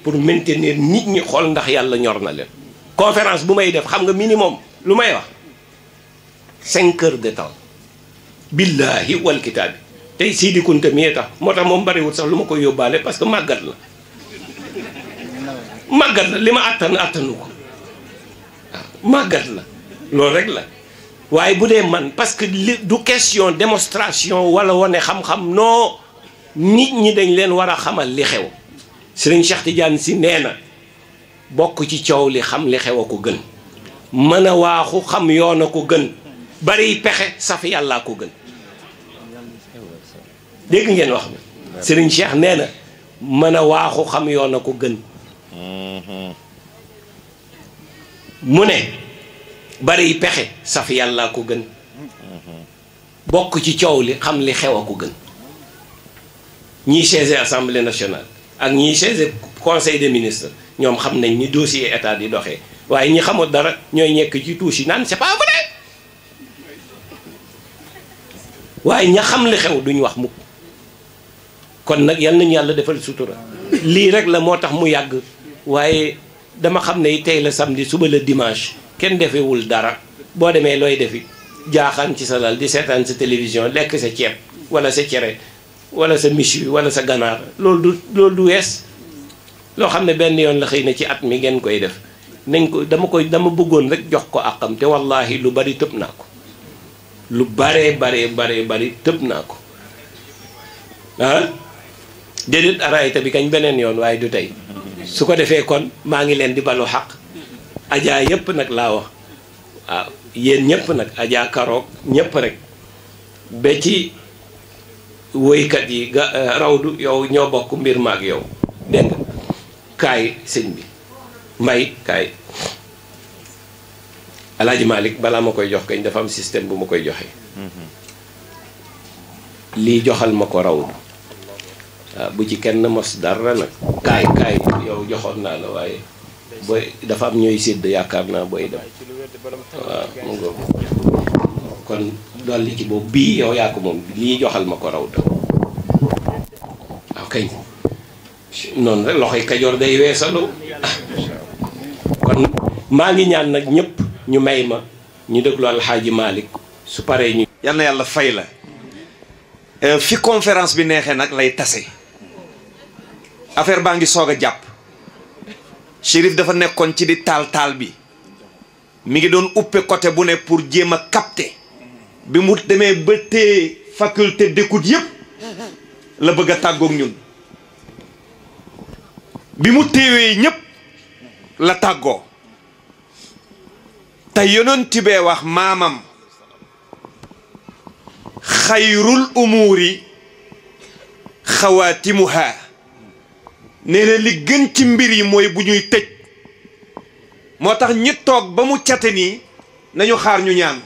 pour maintenir nit ñi xool ndax yàlla ñor na leen. conférence bu may def xam nga minimum lu may wax cinq heures de temps. billahi wal kitaabi tey Sidi Kunta mi tax moo tax moom bariwul sax lu ma koy yóbbaale parce que màggat la màggat la li ma àttan àttanu ko màggat la loolu rek la waaye bu dee man parce que du question démonstration wala wane xam-xam non. nit ñi dañ leen war a xamal li xew sëriñ Cheikh Tidiane si nee na bokk ci coow li xam li xew a ko gën mën a waaxu xam yoon a ko gën bari pexe saf yàllaa ko gën dégg ngeen wax bi nee na mën a waaxu xam yoon a ko gën mu ne bari pexe saf yàllaa ko gën bokk ci coow li xam li xew a ko gën ñiy chaise assemblée nationale ak ñiy chaise conseil des ministres ñoom xam nañ ni dossier état di doxee waaye ñi xamul dara ñooy ñekk ci tuuti naan c'est pas vrai waaye ña xam li xew duñ wax mukk kon nag yal nañu yàlla defal sutura lii rek la moo tax mu yàgg waaye dama xam ne tey la samedi suba la dimanche kenn defewul dara boo demee looy defi jaaxaan ci sa lal di seetaan sa télévision lekk sa ceeb wala sa cere wala sa michu wala sa ganaar loolu du loolu du wees loo xam ne benn yoon la xëy na ci at mi gen koy def nañ ko dama koy dama bëggoon rek jox ko àqam te wallaahi lu bari tëb naa ko lu baree baree baree bari tëb naa ko ah déedéet araayta bi kañ beneen yoon waaye du tey su ko defee kon maa ngi leen di balu xaq ajaa yépp nag laa wax waaw yéen ñëpp nag ajaa karoog ñépp rek ba ci woykat yi ga eh, rawdu yow ñoo bokk mbir maag yow dégg nga kaay sëñ bi mbay kaay alaaji Malick balaa ma koy jox kañ dafa am système bu ma koy joxee mhm. lii joxal ma ko raw waaw ah, bu ci kenn mos dara nag kaay kaay yow joxoon naa la waaye dafa am ñooy sédd yaakaar naa booy dem waaw mu ngoog kon dolli ci boobu bii yow yaa ko moom lii joxal ma ko raw ta waaw noonu rek loxoy kajoor day weesaloo kon maa ngi ñaan nag ñëpp ñu may ma ñu déglu alxaaji Malick su paree ñu yal yàlla fay la euh, fi conférence bi neexee nag lay tase affaire baa ngi soog a jàpp Chérif dafa nekkoon ci di taal taal bi mu ngi doon uppe côté bu ne pour jéem a capter bi mu demee ba tee faculté d'écoute yëpp la bëgg a tàggoog ñun bi mu téewee ñëpp la tàggoo te yenoon bee wax maamam xayrul xawaatimu xawaatimuha nee na li gën ci mbir yi mooy bu ñuy tëj moo tax ñi toog ba mu cate nii nañu xaar ñu ñaan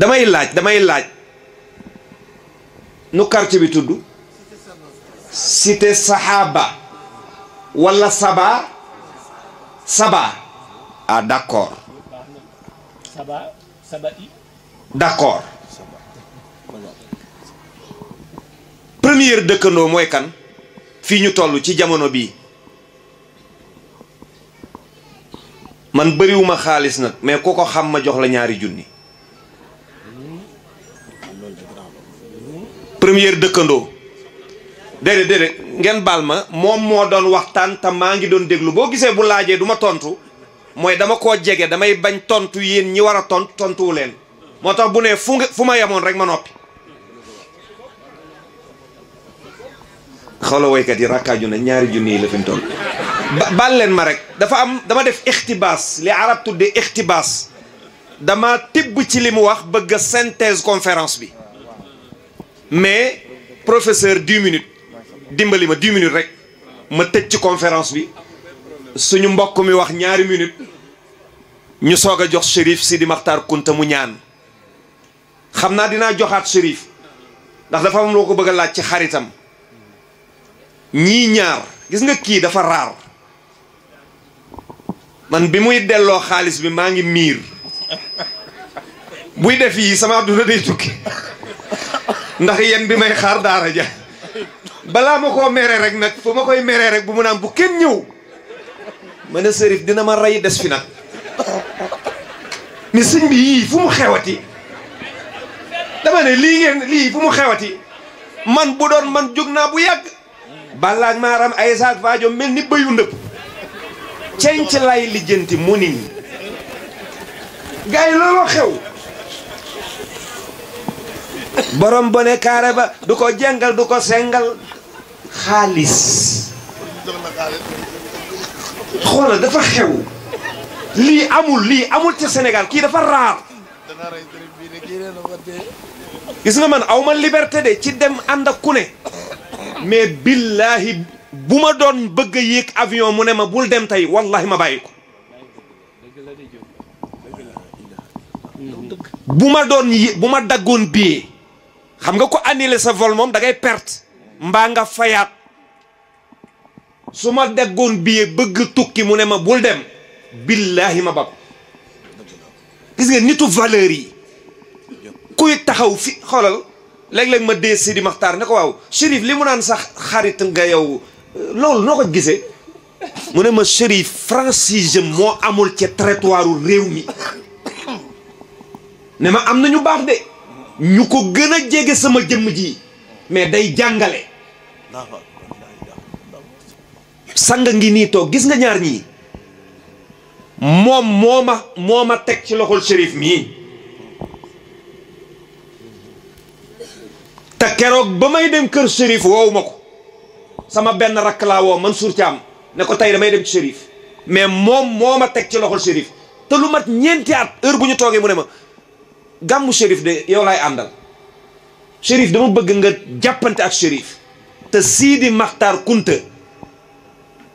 damay laaj damay laaj nu quartier bi tudd cité sahaba wala saba saba ah d'accord d'accord première dëkkandoo mooy kan fii ñu toll ci jamono bii man bariwuma xaalis nag mais ku ko xam ma jox la ñaari junni première dëkkandoo déedéet déedéet ngeen baal ma moom moo doon waxtaan tam maa ngi doon déglu boo gisee bu laajee duma tontu mooy dama ko jege damay bañ tontu yéen ñi war a tontu tontuwu leen moo tax bu ne fu fu ma yemoon rek ma noppi. xaw la woykat yi rakkaaju na ñaari junni yi la fi mu baal leen ma rek dafa am dama def ixtibaas li arab tuddee ixtibaas dama tibb ci li mu wax bëgg a synthèse bi. mais professeur dix minutes dimbali ma dix minutes rek ma tëj ci conférence bi suñu mbokk mi wax ñaari minutes ñu soog a jox shérif Sidi Maxtaar Kunta mu ñaan xam naa dinaa joxaat shérif ndax dafa am loo ko bëgg laaj ci xaritam ñii ñaar gis nga kii dafa raar man bi muy delloo xaalis bi maa ngi miir buy def yi sama àdduna day tukki ndax yéen bi may xaar daara ja balaa ma koo meree rek nag fu ma koy meree rek bu mu naan bu kenn ñëw ma ne sërif dina ma rey des fi nag mais sëñ bi yii fu mu xewati dama ne lii ngeen lii fu mu xewati man bu doon man jóg naa bu yàgg balaag maaram ay saag faajo mel ni bëyu ndëpp cenc lay lijjanti mu nin gars looloo xew borom bone kaare ba du ko jengal du ko sengal xaalis xoolal dafa xew lii amul lii amul ci senegal kii dafa raar gis nga man aw ma liberté de ci dem ànd ak ku ne mais billaahi bu ma doon bëgg a yéeg avion mu ne ma bul dem tey wallahi ma bàyyi ko bu ma doon bu ma daggoon bii xam nga ko annulé sa vol moom da ngay perte mbaa nga fayaat su ma daggoon billet bëgg tukki mu ne ma bul dem billaahi ma bab gis nga nitu valeur yi kuy taxaw fi xoolal léeg-léeg ma dee Sidi Maxtaar ne ko waaw Chérif li mu naan sax xarit nga yow euh, loolu noo ko gisee mu ne ma Chérif francisé moo amul ci traitoire réew mi ne ma am nañu baax de ñu ko gën a jege sama jëmm ji mais day jàngale sanga ngi nii toog gis nga ñaar ñii moom moo ma moo teg ci loxol shérif mii te keroog ba may dem kër shérif woowu ko sama benn rakk laa woo man Mansour Thiam ne ko tey damay dem ci shérif mais moom moo ma teg ci loxol shérif te lu mat ñeenti at heure bu ñu toogee mu ne ma gàmmu shérif de yow lay àndal shérif dama bëgg nga jàppante ak shérif te Sidi Maxtaar Kunta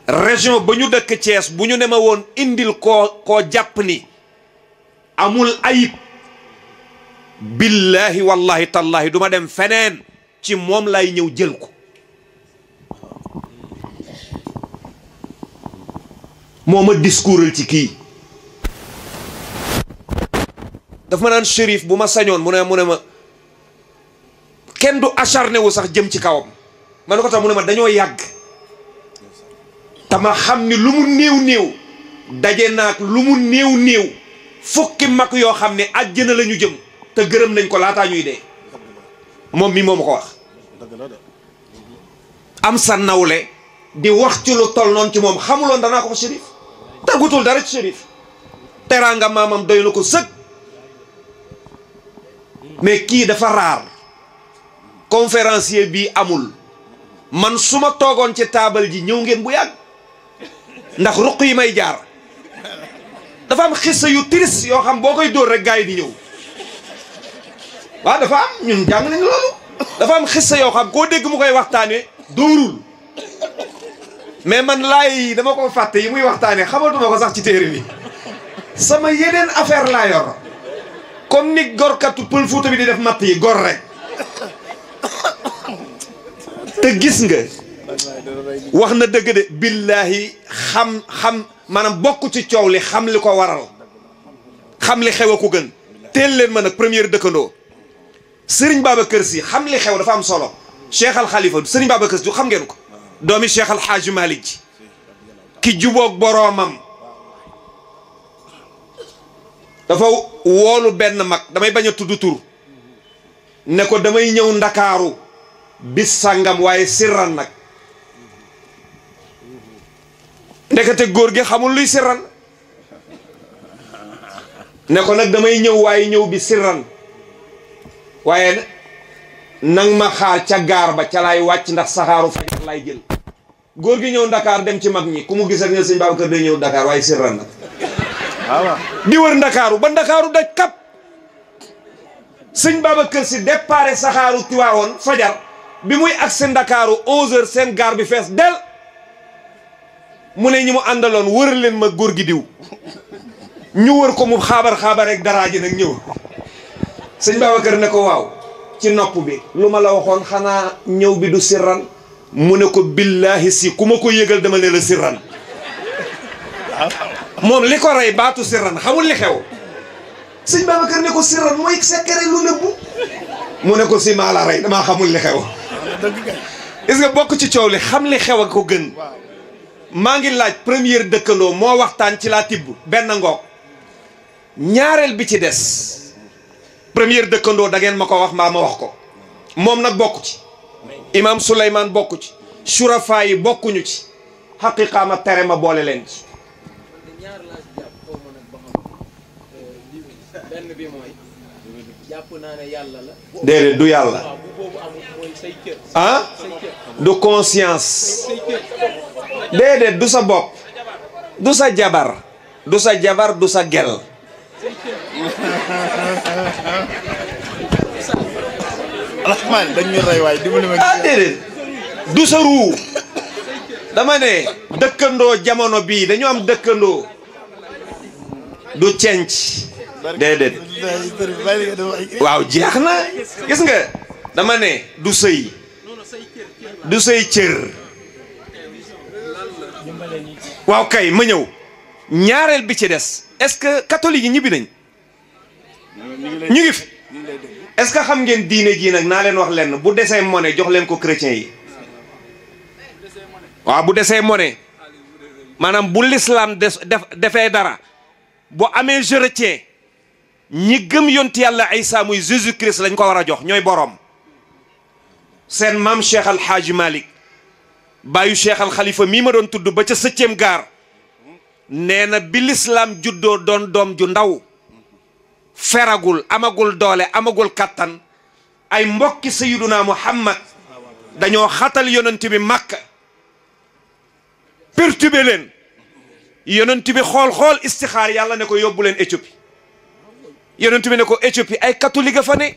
région ba ñu dëkk Thiès bu ñu ne ma woon indil koo koo jàpp ni amul ayib billahi wallahi tallahi duma dem feneen ci moom lay ñëw jël ko mooma ma discoural ci kii daf ma naan shérif bu ma sañoon mu ne mu ne ma kenn du acharné wu sax jëm ci kawam ma ne ko tax mu ne ma dañoo yàgg dama xam ni lu mu néew néew daje naag lu mu néew néew fukki mag yoo xam ne àjjana la ñu jëm te gërëm nañ ko laataa ñuy dee moom mi moo ma ko wax am sa nawle di wax ci lu tol noon ci moom xamuloon danaa ko fa shérif tàggutul dara ci shérif teraanga maamam doy na ko sëkk mais kii dafa raar conférencier bi amul man su ma toogoon ci taabal ji ñëw ngeen bu yàgg ndax ruq yi may jaar dafa am xissa yu triste yoo xam boo koy dóor rek gars yi di ñëw waa dafa am ñun jàng nañ loolu dafa am xissa yoo xam koo dégg mu koy waxtaane dóorul mais man laay yi dama koo fàtte yi muy waxtaane xamatuma ko sax ci téere bi sama yeneen affaire laa yor kon ni gorkatu pël Fuuta bi di def matt yi gor rek te gis nga wax na dëgg de billaahi xam xam maanaam bokk ci coow li xam li ko waral xam li xew a ko gën teel leen ma nag première dëkkandoo sëriñ kër Si xam li xew dafa am solo Cheikh xalifa Khalifa sëriñ Babacar Si du xam ngeen ko doomi Cheikh Al Hadji Malick ji ki jubóog boroomam dafa woolu benn mag damay bañ a tudd tur ne ko damay ñëw ndakaaru bi sàngam waaye sirran nag ndekete góor gi xamul luy sirran ne ko nag damay ñëw waaye ñëw bi sirran waaye nang ma xaar ca gaar ba ca laay wàcc ndax saxaaru fajar laay jël góor gi ñëw ndakaar dem ci mag ñi ku mu gis ak ne sëñ Babacar day ñëw ndakaar waaye sirran nag di wër ndakaaru ba ndakaaru daj kap sëñ Babacar si déparé saxaaru Tiwaawoon fajar bi muy agsi ndakaaru onze seen gaar bi fees del mu ne ñi mu àndaloon wër leen ma góor gi diw ñu wër ko mu xaabar xaabar rek daraa nag ñëw sëñ kër ne ko waaw ci nopp bi lu ma la waxoon xanaa ñëw bi du sirran mu ne ko billaahi si ku ma ko yëgal dama ne la sirran moom li ko rey baatu sirran xamul li xew sëñ Babacar ne ko sirran mooy secret lu nëbbu mu ne ko si la rey damaa xamul li xew gis nga bokk ci coow li xam li xew a ko gën maa ngi laaj première dëkkandoo moo waxtaan ci laa tibb benn ngoog ñaareel bi ci des première dëkkandoo da ngeen ma ko wax mbaa ma wax ko moom nag bokk ci imaam Souleymane bokk ci surafa yi bokkuñu ci xaqiqa ma tere ma boole leen ci benn bi mooy jàpp naa ne yàlla la déedéet du yàlla ah du conscience déedéet du sa bopp du sa jabar du sa jabar du sa gel Rahman dañ ñu rey waay ah, du sa ruu dama ne dëkkandoo jamono bii dañu am dëkkandoo du cenc déedéet waaw jeex na gis nga dama ne du sëy du sëy cër waaw kay ma ñëw ñaareel bi ci des est-ce que catholique yi ñibbi nañ ñu ngi fi est-ce que xam ngeen diine jii nag naa leen wax lenn bu desee monnaie jox leen ko chrétien yi waaw bu desee monnaie maanaam bu l'islam defee dara bu amee chrétien ñi gëm yonti yàlla Isa muy Jésus Christ lañ ko war a jox ñooy borom seen maam Cheikh Al Hadj Malick bàyyu Cheikh Al mii ma doon tudd ba ca septième gaar nee na bi juddoo doon doom ju ndaw feragul amagul doole amagul kattan ay mbokki sayiduna Muhammad dañoo xatal yonent bi Makka perturbé leen yonent bi xool-xool istixaar yàlla ne ko yóbbu leen Éthiopie yonent bi ne ko Éthiopie ay catholique a fa ne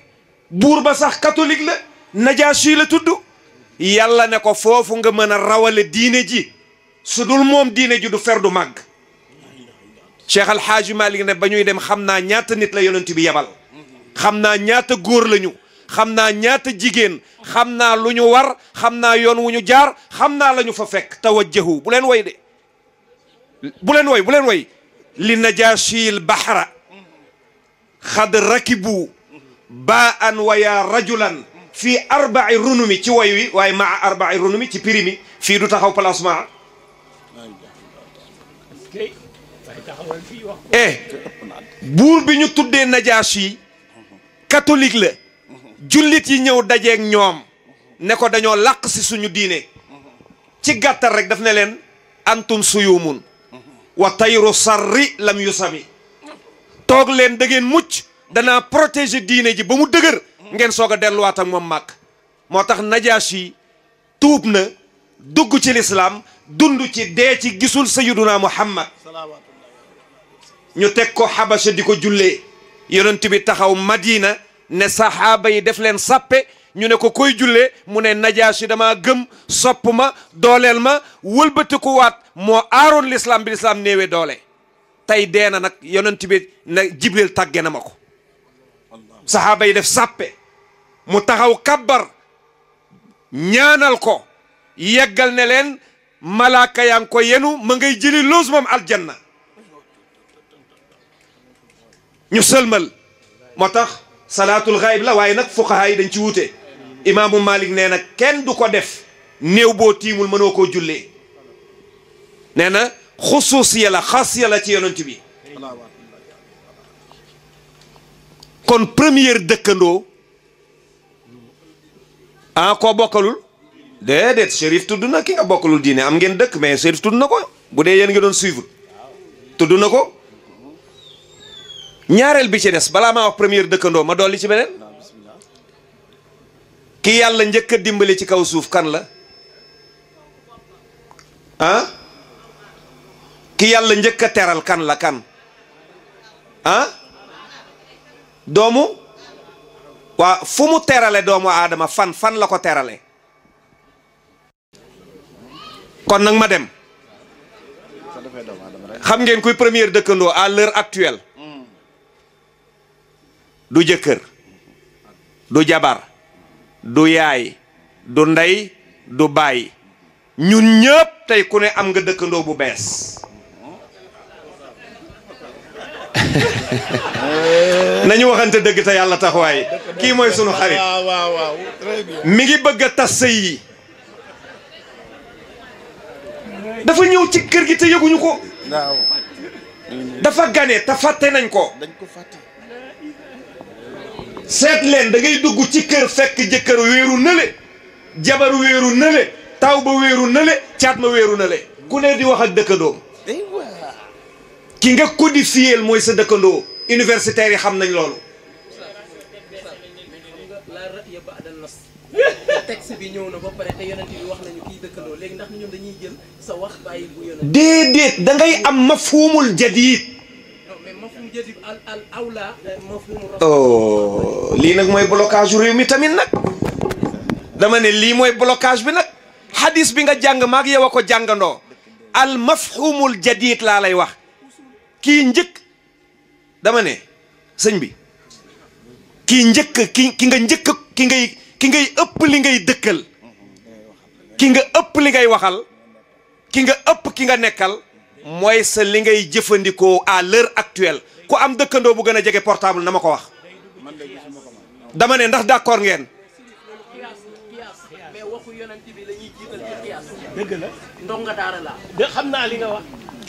buur ba sax catholique la Najaasi la tudd yàlla ne ko foofu nga mën a rawale diine ji su dul moom diine ji du fer du màgg Cheikh Al Hadj ne ba ñuy dem xam naa ñaata nit la yonent bi yebal xam naa ñaata góor lañu xam naa ñaata jigéen xam naa luñu war xam naa yoon wuñu jaar xam naa lañu fa fekk tawajjahu bu leen woy de bu leen woy bu leen woy li najaashil bahra xad rakibu ba an waya rajulan fii arbai runumi ci woy wi waaye maa arbai runumi ci pirimi fii du taxaw placement eh buur bi ñu tuddee najaas yi katolik la jullit yi ñëw dajeeg ñoom ne ko dañoo làq si suñu diine ci gàttal rek def ne leen antum suyumun wa tayru sarri lam yusami toog leen da mucc dana protéger diine ji ba mu dëgër ngeen soog a delluwaat ak moom màkk moo tax Najaasi tuub na dugg ci lislaam dund ci dee ci gisul sayyiduna Muhammad ñu teg ko xabasa di ko jullee yonent bi taxaw Madina ne saxaaba yi def leen sàppe ñu ne ko koy jullee mu ne Najaasi dama gëm sopp ma dooleel ma wëlbatikuwaat moo aaroon lislaam bi lislaam néewee doole tey dee na nag yonent bi na jibril tàgge na ma ko saxaaba yi def sàppe mu taxaw kabbar ñaanal ko yeggal ne leen malaaka yaa ko yenu ma ngay jëli loos moom aljanna ñu sëlmal moo tax salaatul xayb la waaye nag fuqaha yi dañ ci wuute imaamu malik nee na kenn du ko def néew boo tiimul mënoo koo jullee nee na xusuusiya la xaasiya la ci yonent bi kon première dëkkandoo ah koo bokkalul de shérif tudd na ki nga bokkalul diine am ngeen dëkk mais shérif tudd na ko bu dee yéen ngi doon suivre tudd na ko ñaareel bi ci des balaa maa wax première dëkkandoo ma dolli ci beneen ki yàlla njëkk a dimbali ci kaw suuf kan la ah? ki yàlla njëkk a teral kan la kan ah doomu waa fu mu terale doomu aadama fan fan la ko terale kon nag ma dem xam ngeen kuy première dëkkandoo à l'heure actuelle du jëkkër du jabar du yaay du ndey du baay ñun ñëpp tey ku ne am nga dëkkandoo bu bees nañu waxante dëgg te yàlla taxawaay kii mooy sunu xarit ah, mi ngi bëgg a tas sëy yi dafa ñëw ci kër gi te yëguñu ko dafa gane te fàtte nañ ko seet leen da dugg ci kër fekk jëkkër wéeru nële jabar weeru nële taw ba wéeru nële caat ma weeru nële ku ne di wax ak dëkkandoom ki nga codifié mooy sa dëkkandoo universitaires yi xam nañ loolu. texte bi ñëw na ba pare te yonent bi wax nañu kii dëkkandoo léegi ndax ñun dañuy jël sa wax bàyyi bu yonent. déedéet da ngay am mafhumul jadid. Euh, oh lii nag mooy blocage réew mi tamit nag dama ne lii mooy blocage bi nag xadis bi nga jàng maag yow a ko jàngandoo al mafhumul jadid laa lay wax. kii njëkk dama ne sëñ bi kii njëkk ki ki nga njëkk ki ngay ki ngay ëpp li ngay dëkkal ki nga ëpp li ngay waxal ki nga ëpp ki nga nekkal mooy sa li ngay jëfandikoo à l'heure actuelle ku am dëkkandoo bu gën a jege portable na ma ko wax dama ne ndax d'accord ngeen dëgg la ndonga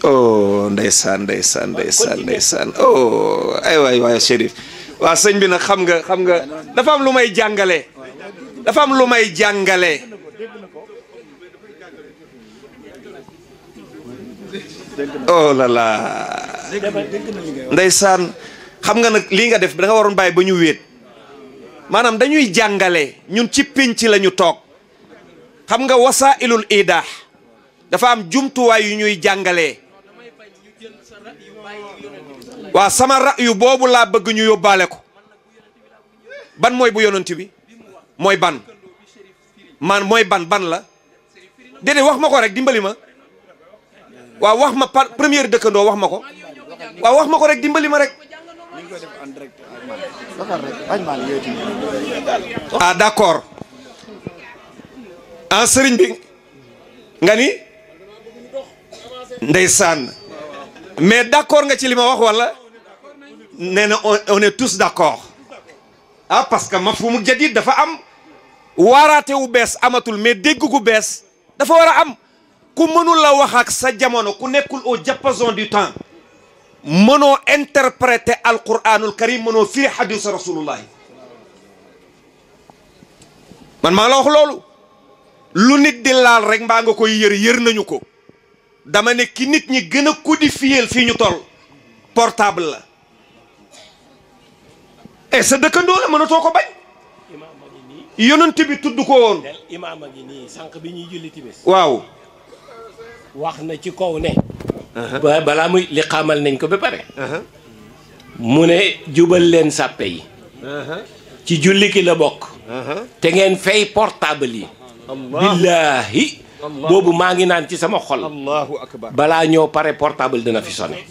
oh ndeysaan ndeysaan ndeysaan ndeysaan oh, ay waay waay Chérif waaw sëñ bi nag xam nga xam nga dafa am lu may jàngale dafa am lu may jàngale oh la la ndeysaan xam nga nag lii nga def da nga waroon bàyyi ba ñu wet maanaam dañuy jàngale ñun ci pénc la ñu toog xam nga wasaa ilul idaax dafa am jumtuwaay yu ñuy jàngalee waa sama rayu boobu laa bëgg ñu yóbbaale ko ban mooy bu yonent bi mooy ban man mooy ban ban la déedéet wax ma ko rek dimbali ma waaw wax ma par première dëkkandoo wax ma ko waaw wax ma ko rek dimbali ma rek ah d'accord ah sëriñ bi nga ni ndeysaan mais d'accord nga ci li ma wax wala nee na on est ah parce que mafhumu jadid dafa am waaraate wu bees amatul mais dégg gu bees dafa war a am ku mënul la wax ak sa jamono ku nekkul au diapason du temps mënoo interpréter alquranul karim mënoo firi hadisu rasulullahi man maa la wax loolu lu nit di laal rek mbaa nga koy yër yër nañu ko dama ne ki nit ñi gën a codifier fii ñu tol portable la et eh, sa dëkkandoo la mënatoo ko bañ yonent bi tudd ko woon imaam a ngi nii sànq bi ñuy julli timis waaw wax na ci kaw ne waaye uh-huh. balaa muy li xamal nañ ko ba pare uh-huh. mu ne jubal leen sàppe yi uh-huh. ci julli ki la bokk te ngeen fay portable yi billaahi boobu maa ngi naan ci sama xol allahu akbar balaa ñoo pare portable dina fi sonne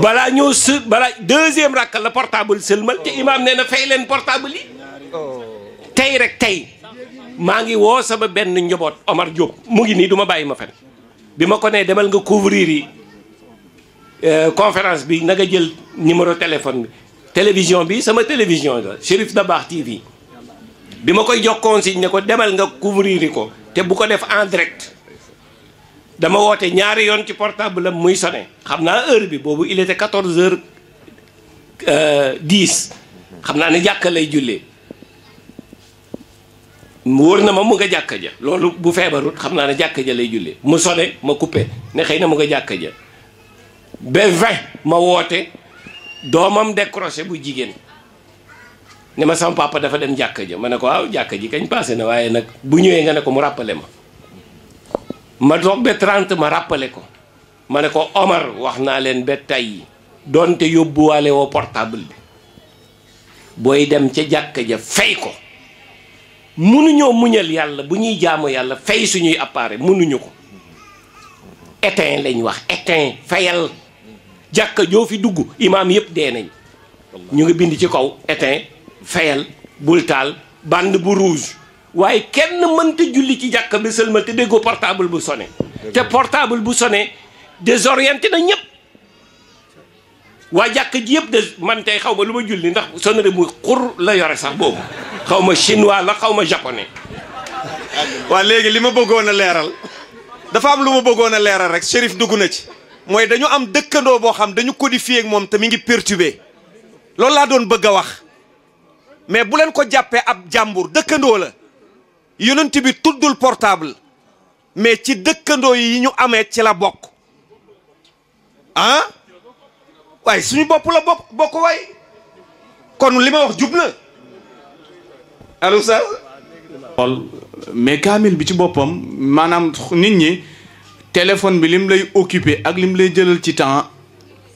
balaa ñoo së balaa deuxième rakk la portable sëlmal te imaam nee na fay leen portable yi oh. tey rek tey maa ngi woo sama benn njaboot Omar Diop mu ngi nii du ma bàyyi ma fen bi ma ko nee demal nga couvrir yi euh, conférence bi na nga jël numéro téléphone bi télévision bi sama télévision la Chérif Dabakh TV bi ma koy jox consigne ne ko demal nga couvrir ko te bu ko def en direct dama woote ñaari yoon ci portable am muy sone xam naa heure bi boobu il était quatorze heures euh, dix xam naa ne jàkka lay jullee wóor na ma mu nga jàkka ja loolu bu feebarut xam naa ne jàkka ja lay jullee mu sone ma coupé ne xëy na mu nga jàkka ja ba vingt ma woote doomam de décroché bu jigéen ne ma sama papa dafa dem jàkka ja ma ne ko waaw jàkka ji kañ passé na waaye nag bu ñëwee nga ne ko mu rappelé ma ma toog ba 30 ma rappelé ko ma ne ko Omar wax naa leen ba tey donte yóbbuwale woo portable bi booy dem ca jàkka ja fay ko mënuñoo muñal yàlla bu ñuy jaamu yàlla fay suñuy appareil mënuñu ko éteint lañ wax éteint fayal jàkka joo fi dugg imaam yëpp dee nañ ñu ngi bind ci kaw éteint fayal bul taal bànd bu rouge waaye kenn mënta julli ci jàkka bi seulement te déggoo portable bu sone te portable bu sonné désorienté na ñëpp waa jàkk ji yëpp de man tey xaw ma lu ma julli ndax sone sonnerie bu xur la yore sax boobu xaw ma chinois la xaw ma japone waa léegi li ma bëggoon a leeral dafa am lu ma bëggoon a leeral rek Chérif dugg na ci mooy dañu am dëkkandoo boo xam dañu codifié ak moom te ngi perturbé loolu laa doon bëgg a wax mais bu leen ko jàppee ab jàmbur dëkkandoo la yonent bi tuddul portable mais ci dëkkandoo yi ñu amee ci la bokk ah waaye suñu bopp la bopp bokk waay kon lima wax jub na allo sa xool mais kaamil bi ci boppam maanaam nit ñi téléphone bi lim lay occupé ak lim lay jëlal ci temps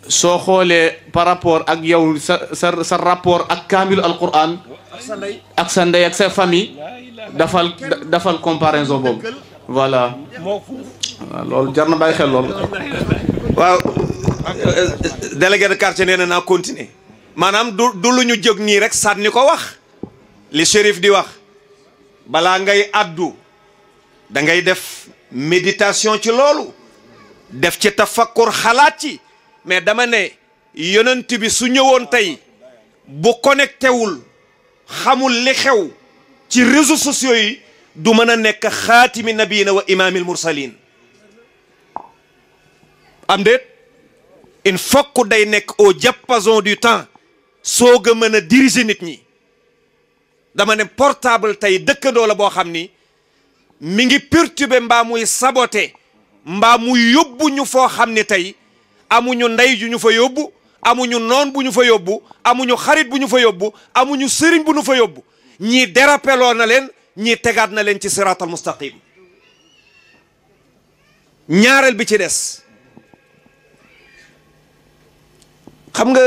soo xoolee par rapport ak yow sa sa sa rapport ak kaamilu alquran ak sa ndey ak sa famille dafal dafal comparaison boobu voilà waaw loolu jar na bàyyi xel loolu waaw délégué de quartier nee na naa continuer maanaam du du lu ñu jóg nii rek sànni ko wax li shérif di wax balaa ngay addu da ngay def méditation ci loolu def ci tafakkur xalaat ci mais dama ne yonent bi su ñëwoon tey bu connecté wul xamul li ci réseaux sociaux du mën a nekk xaatimi nabiina wa imaamil mursalin am déet il faut que day nekk au diapason du temps soog a mën a diriger nit ñi dama ne portable tey dëkkandoo la boo xam ni mi ngi perturber mbaa muy saboter mbaa muy yóbbu ñu foo xam ni tey amuñu ndey ju ñu fa yóbbu amuñu noon bu ñu fa yóbbu amuñu xarit bu ñu fa yóbbu amuñu sëriñ bu ñu fa yóbbu ñii dérapeloo na leen ñii tegaat na leen ci siraatal mustaqim ñaareel bi ci des xam nga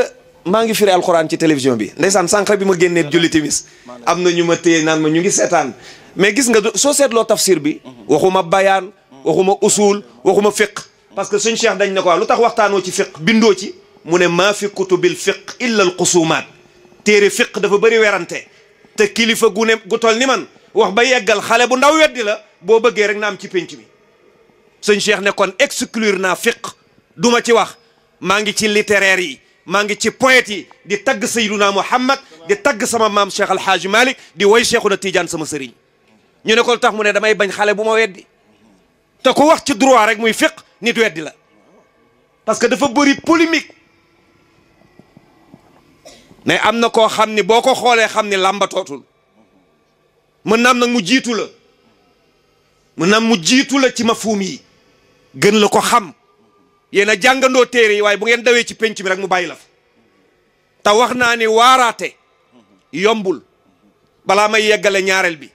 maa ngi firi alxuraan ci télévision bi ndeysaan sànq bi ma génnee julli timis am na ñu ma téye naan ma ñu ngi seetaan mais gis nga soo seetloo tafsir bi waxuma bayaan waxuma usul waxuma fiq parce que suñ cheikh dañ ne ko lu tax waxtaanoo ci fiq bindoo ci mu ne maa fi kutubil fiq illa al xusumaat téere fiq dafa bëri werante te kilifa gu ne gu ni man wax ba yeggal xale bu ndaw weddi la boo bëggee rek naam ci pénc mi sëñ cheikh ne kon exclure naa fiq duma ci wax maa ngi ci littéraire yi maa ngi ci poète yi di tagg sayduna muhammad di tagg sama maam cheikh alhaaji malik di woy cheikhuna tidiane sama sëriñ ñu ne ko tax mu ne damay bañ xale bu ma weddi te ku wax ci droit rek muy fiq nit weddi la parce que dafa bëri polémique mais am na koo xam ni boo ko xoolee xam ni làmbatootul mën nam nag mu jiitu la mën naam mu jiitu la ci mafuum yi gën la ko xam yéen a jàngandoo téere yi waaye bu ngeen dawee ci penc mi rek mu bàyyi la fa te wax naa ni waaraate yombul balaa may yeggale ñaareel bi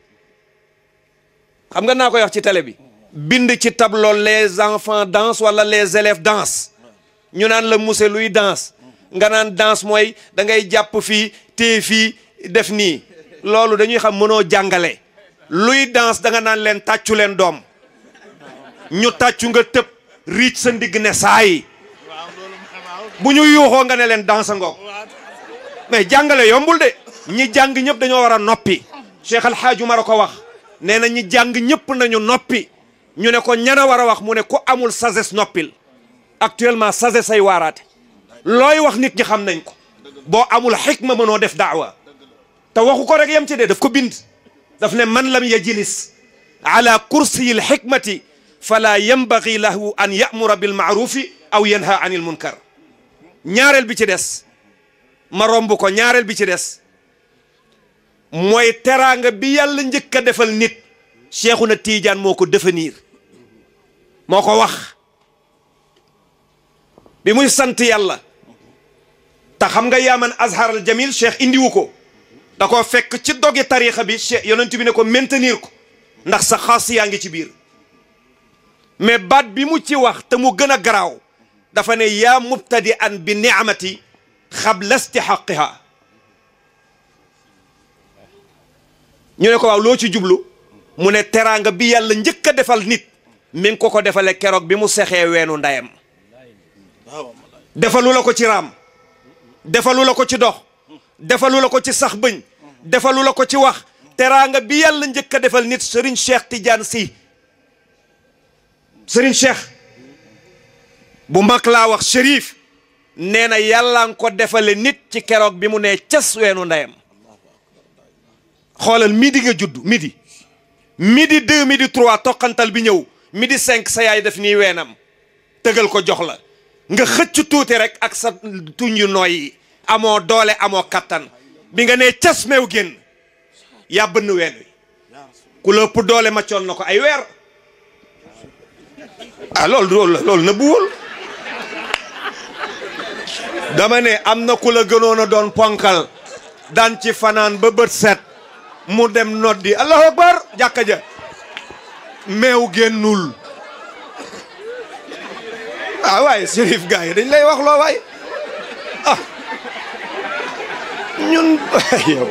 xam nga naa koy wax ci télé bi bind ci tableau les enfants dansent wala les élèves dance ñu naan la monsieur luy danse nga naan danse mooy da ngay jàpp fii téye fii def nii loolu dañuy xam mënoo jàngale luy danse da nga naan leen tàccu leen doom ñu taccu nga tëb riic sa ndigg ne saayi bu ñu yuuxoo nga ne leen danse ngoo mais jàngale yombul de ñi jàng ñëpp dañoo war a noppi Cheikh Al Hadj Umar a ko wax nee na ñi jàng ñëpp nañu noppi ñu ne ko ñan a war a wax mu ne ko amul sagesse noppil actuellement sagesse ay waaraate looy wax nit ñi xam nañ ko boo amul xikma mënoo def daawa te waxu ko rek yem ci dee daf ko bind daf ne man lam yajlis ala kursiyi lxikmati fala yanbagi lahu an yamura bilmaarufi aw yanha an il munkar ñaarel bi ci des ma romb ko ñaareel bi ci des mooy teraanga bi yàlla njëkk a defal nit na Tidiane moo ko définir moo ko wax bi muy sant yàlla te xam nga yaaman azharal jamil cheikh indiwu ko da ko fekk ci dogi tarixa bi cheikh bi ne ko maintenir ko ndax sa xaas yaa ngi ci biir mais baat bi mu ci wax te mu gën a garaaw dafa ne yaa mubtadi an bi niamati xabla istihaqqiha ñu ne ko waaw loo ci jublu mu ne teraanga bi yàlla njëkk a defal nit min ko ko defale keroog bi mu sexee weenu ndeyam defalu la ko ci raam defalu la ko ci dox defalu la ko ci sax bëñ defalu la ko ci wax teraanga bi yàlla njëkk a defal nit Serigne Cheikh Tidiane si sëriñ Cheikh bu mag laa wax Chérif nee na yàlla ko defale nit ci keroog bi mu ne cas weenu ndeyam xoolal midi nga judd midi midi deux midi trois toqantal bi ñëw midi cinq sa yaay def nii weenam tëgal ko jox la nga xëcc tuuti rek ak sa tuñ yu nooy yi amoo doole amoo kàttan bi nga nee cas meew génn yàbb bënn wen wi ku la ëpp doole maccoon na ko ay weer ah loolu loolu loolu na bu wóol dama ne am na ku la gënoon a doon ponkal daan ci fanaan ba bët set mu dem noddi allahu akbar jàkka ja meew génnul a ah, waaye Chérif gars yi dañ lay wax loo waay ah ñun yow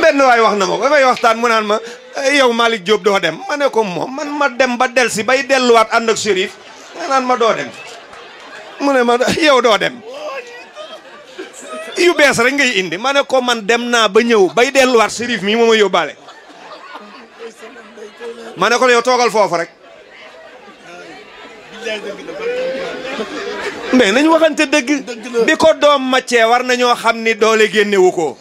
benn waay wax na ma ko dafay waxtaan mu naan ma eh, yow Malick Diop doo dem ma ne ko moom man ma dem ba del si bay delluwaat ànd ak Chérif nga naan ma doo dem mu ne ma yow doo dem yu bees rek ngay indi ma ne ko man dem naa ba ñëw bay delluwaat sérif mii moo ma yóbbaale ma ne ko yow toogal foofu rek mais nañ waxante dëgg bi ko doom maccee war nañoo xam ni doole génnewu ko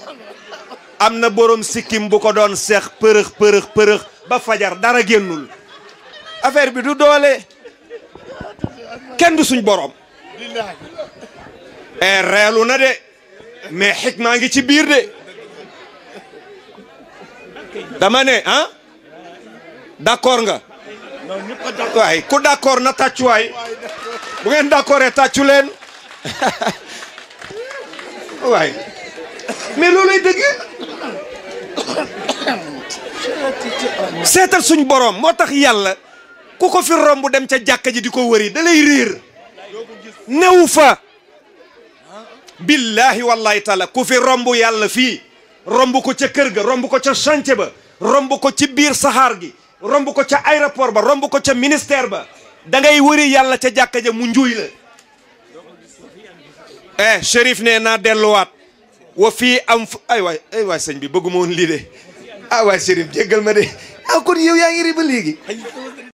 am na borom sikkim bu ko doon seex përëx përëx përëx ba fajar dara génnul affaire bi du doole kenn du suñ borom e eh, na de mais naa ngi ci biir de dama ne ah d'accord nga waay ku d'accord na tàccu waay bu ngeen d'accordee tàccu leen waay mais loolay dëgg seetal suñ borom moo tax yàlla ku ko fi romb dem ca jàkka ji di ko wëri da lay riir newu fa billaahi wallaahi taala ku fi romb yàlla fii romb ko ca kër ga romb ko ca chantier ba romb ko ci biir saxaar gi romb ko ca aéroport ba romb ko ca ministère ba da ngay wëri yàlla ca jàkka ja mu njuuy la eh shérif ne naa delluwaat wa fii am ay waay sëñ bi bëgguma woon lii de ah waay jéggal ma de ah kon yow yaa ngi ba léegi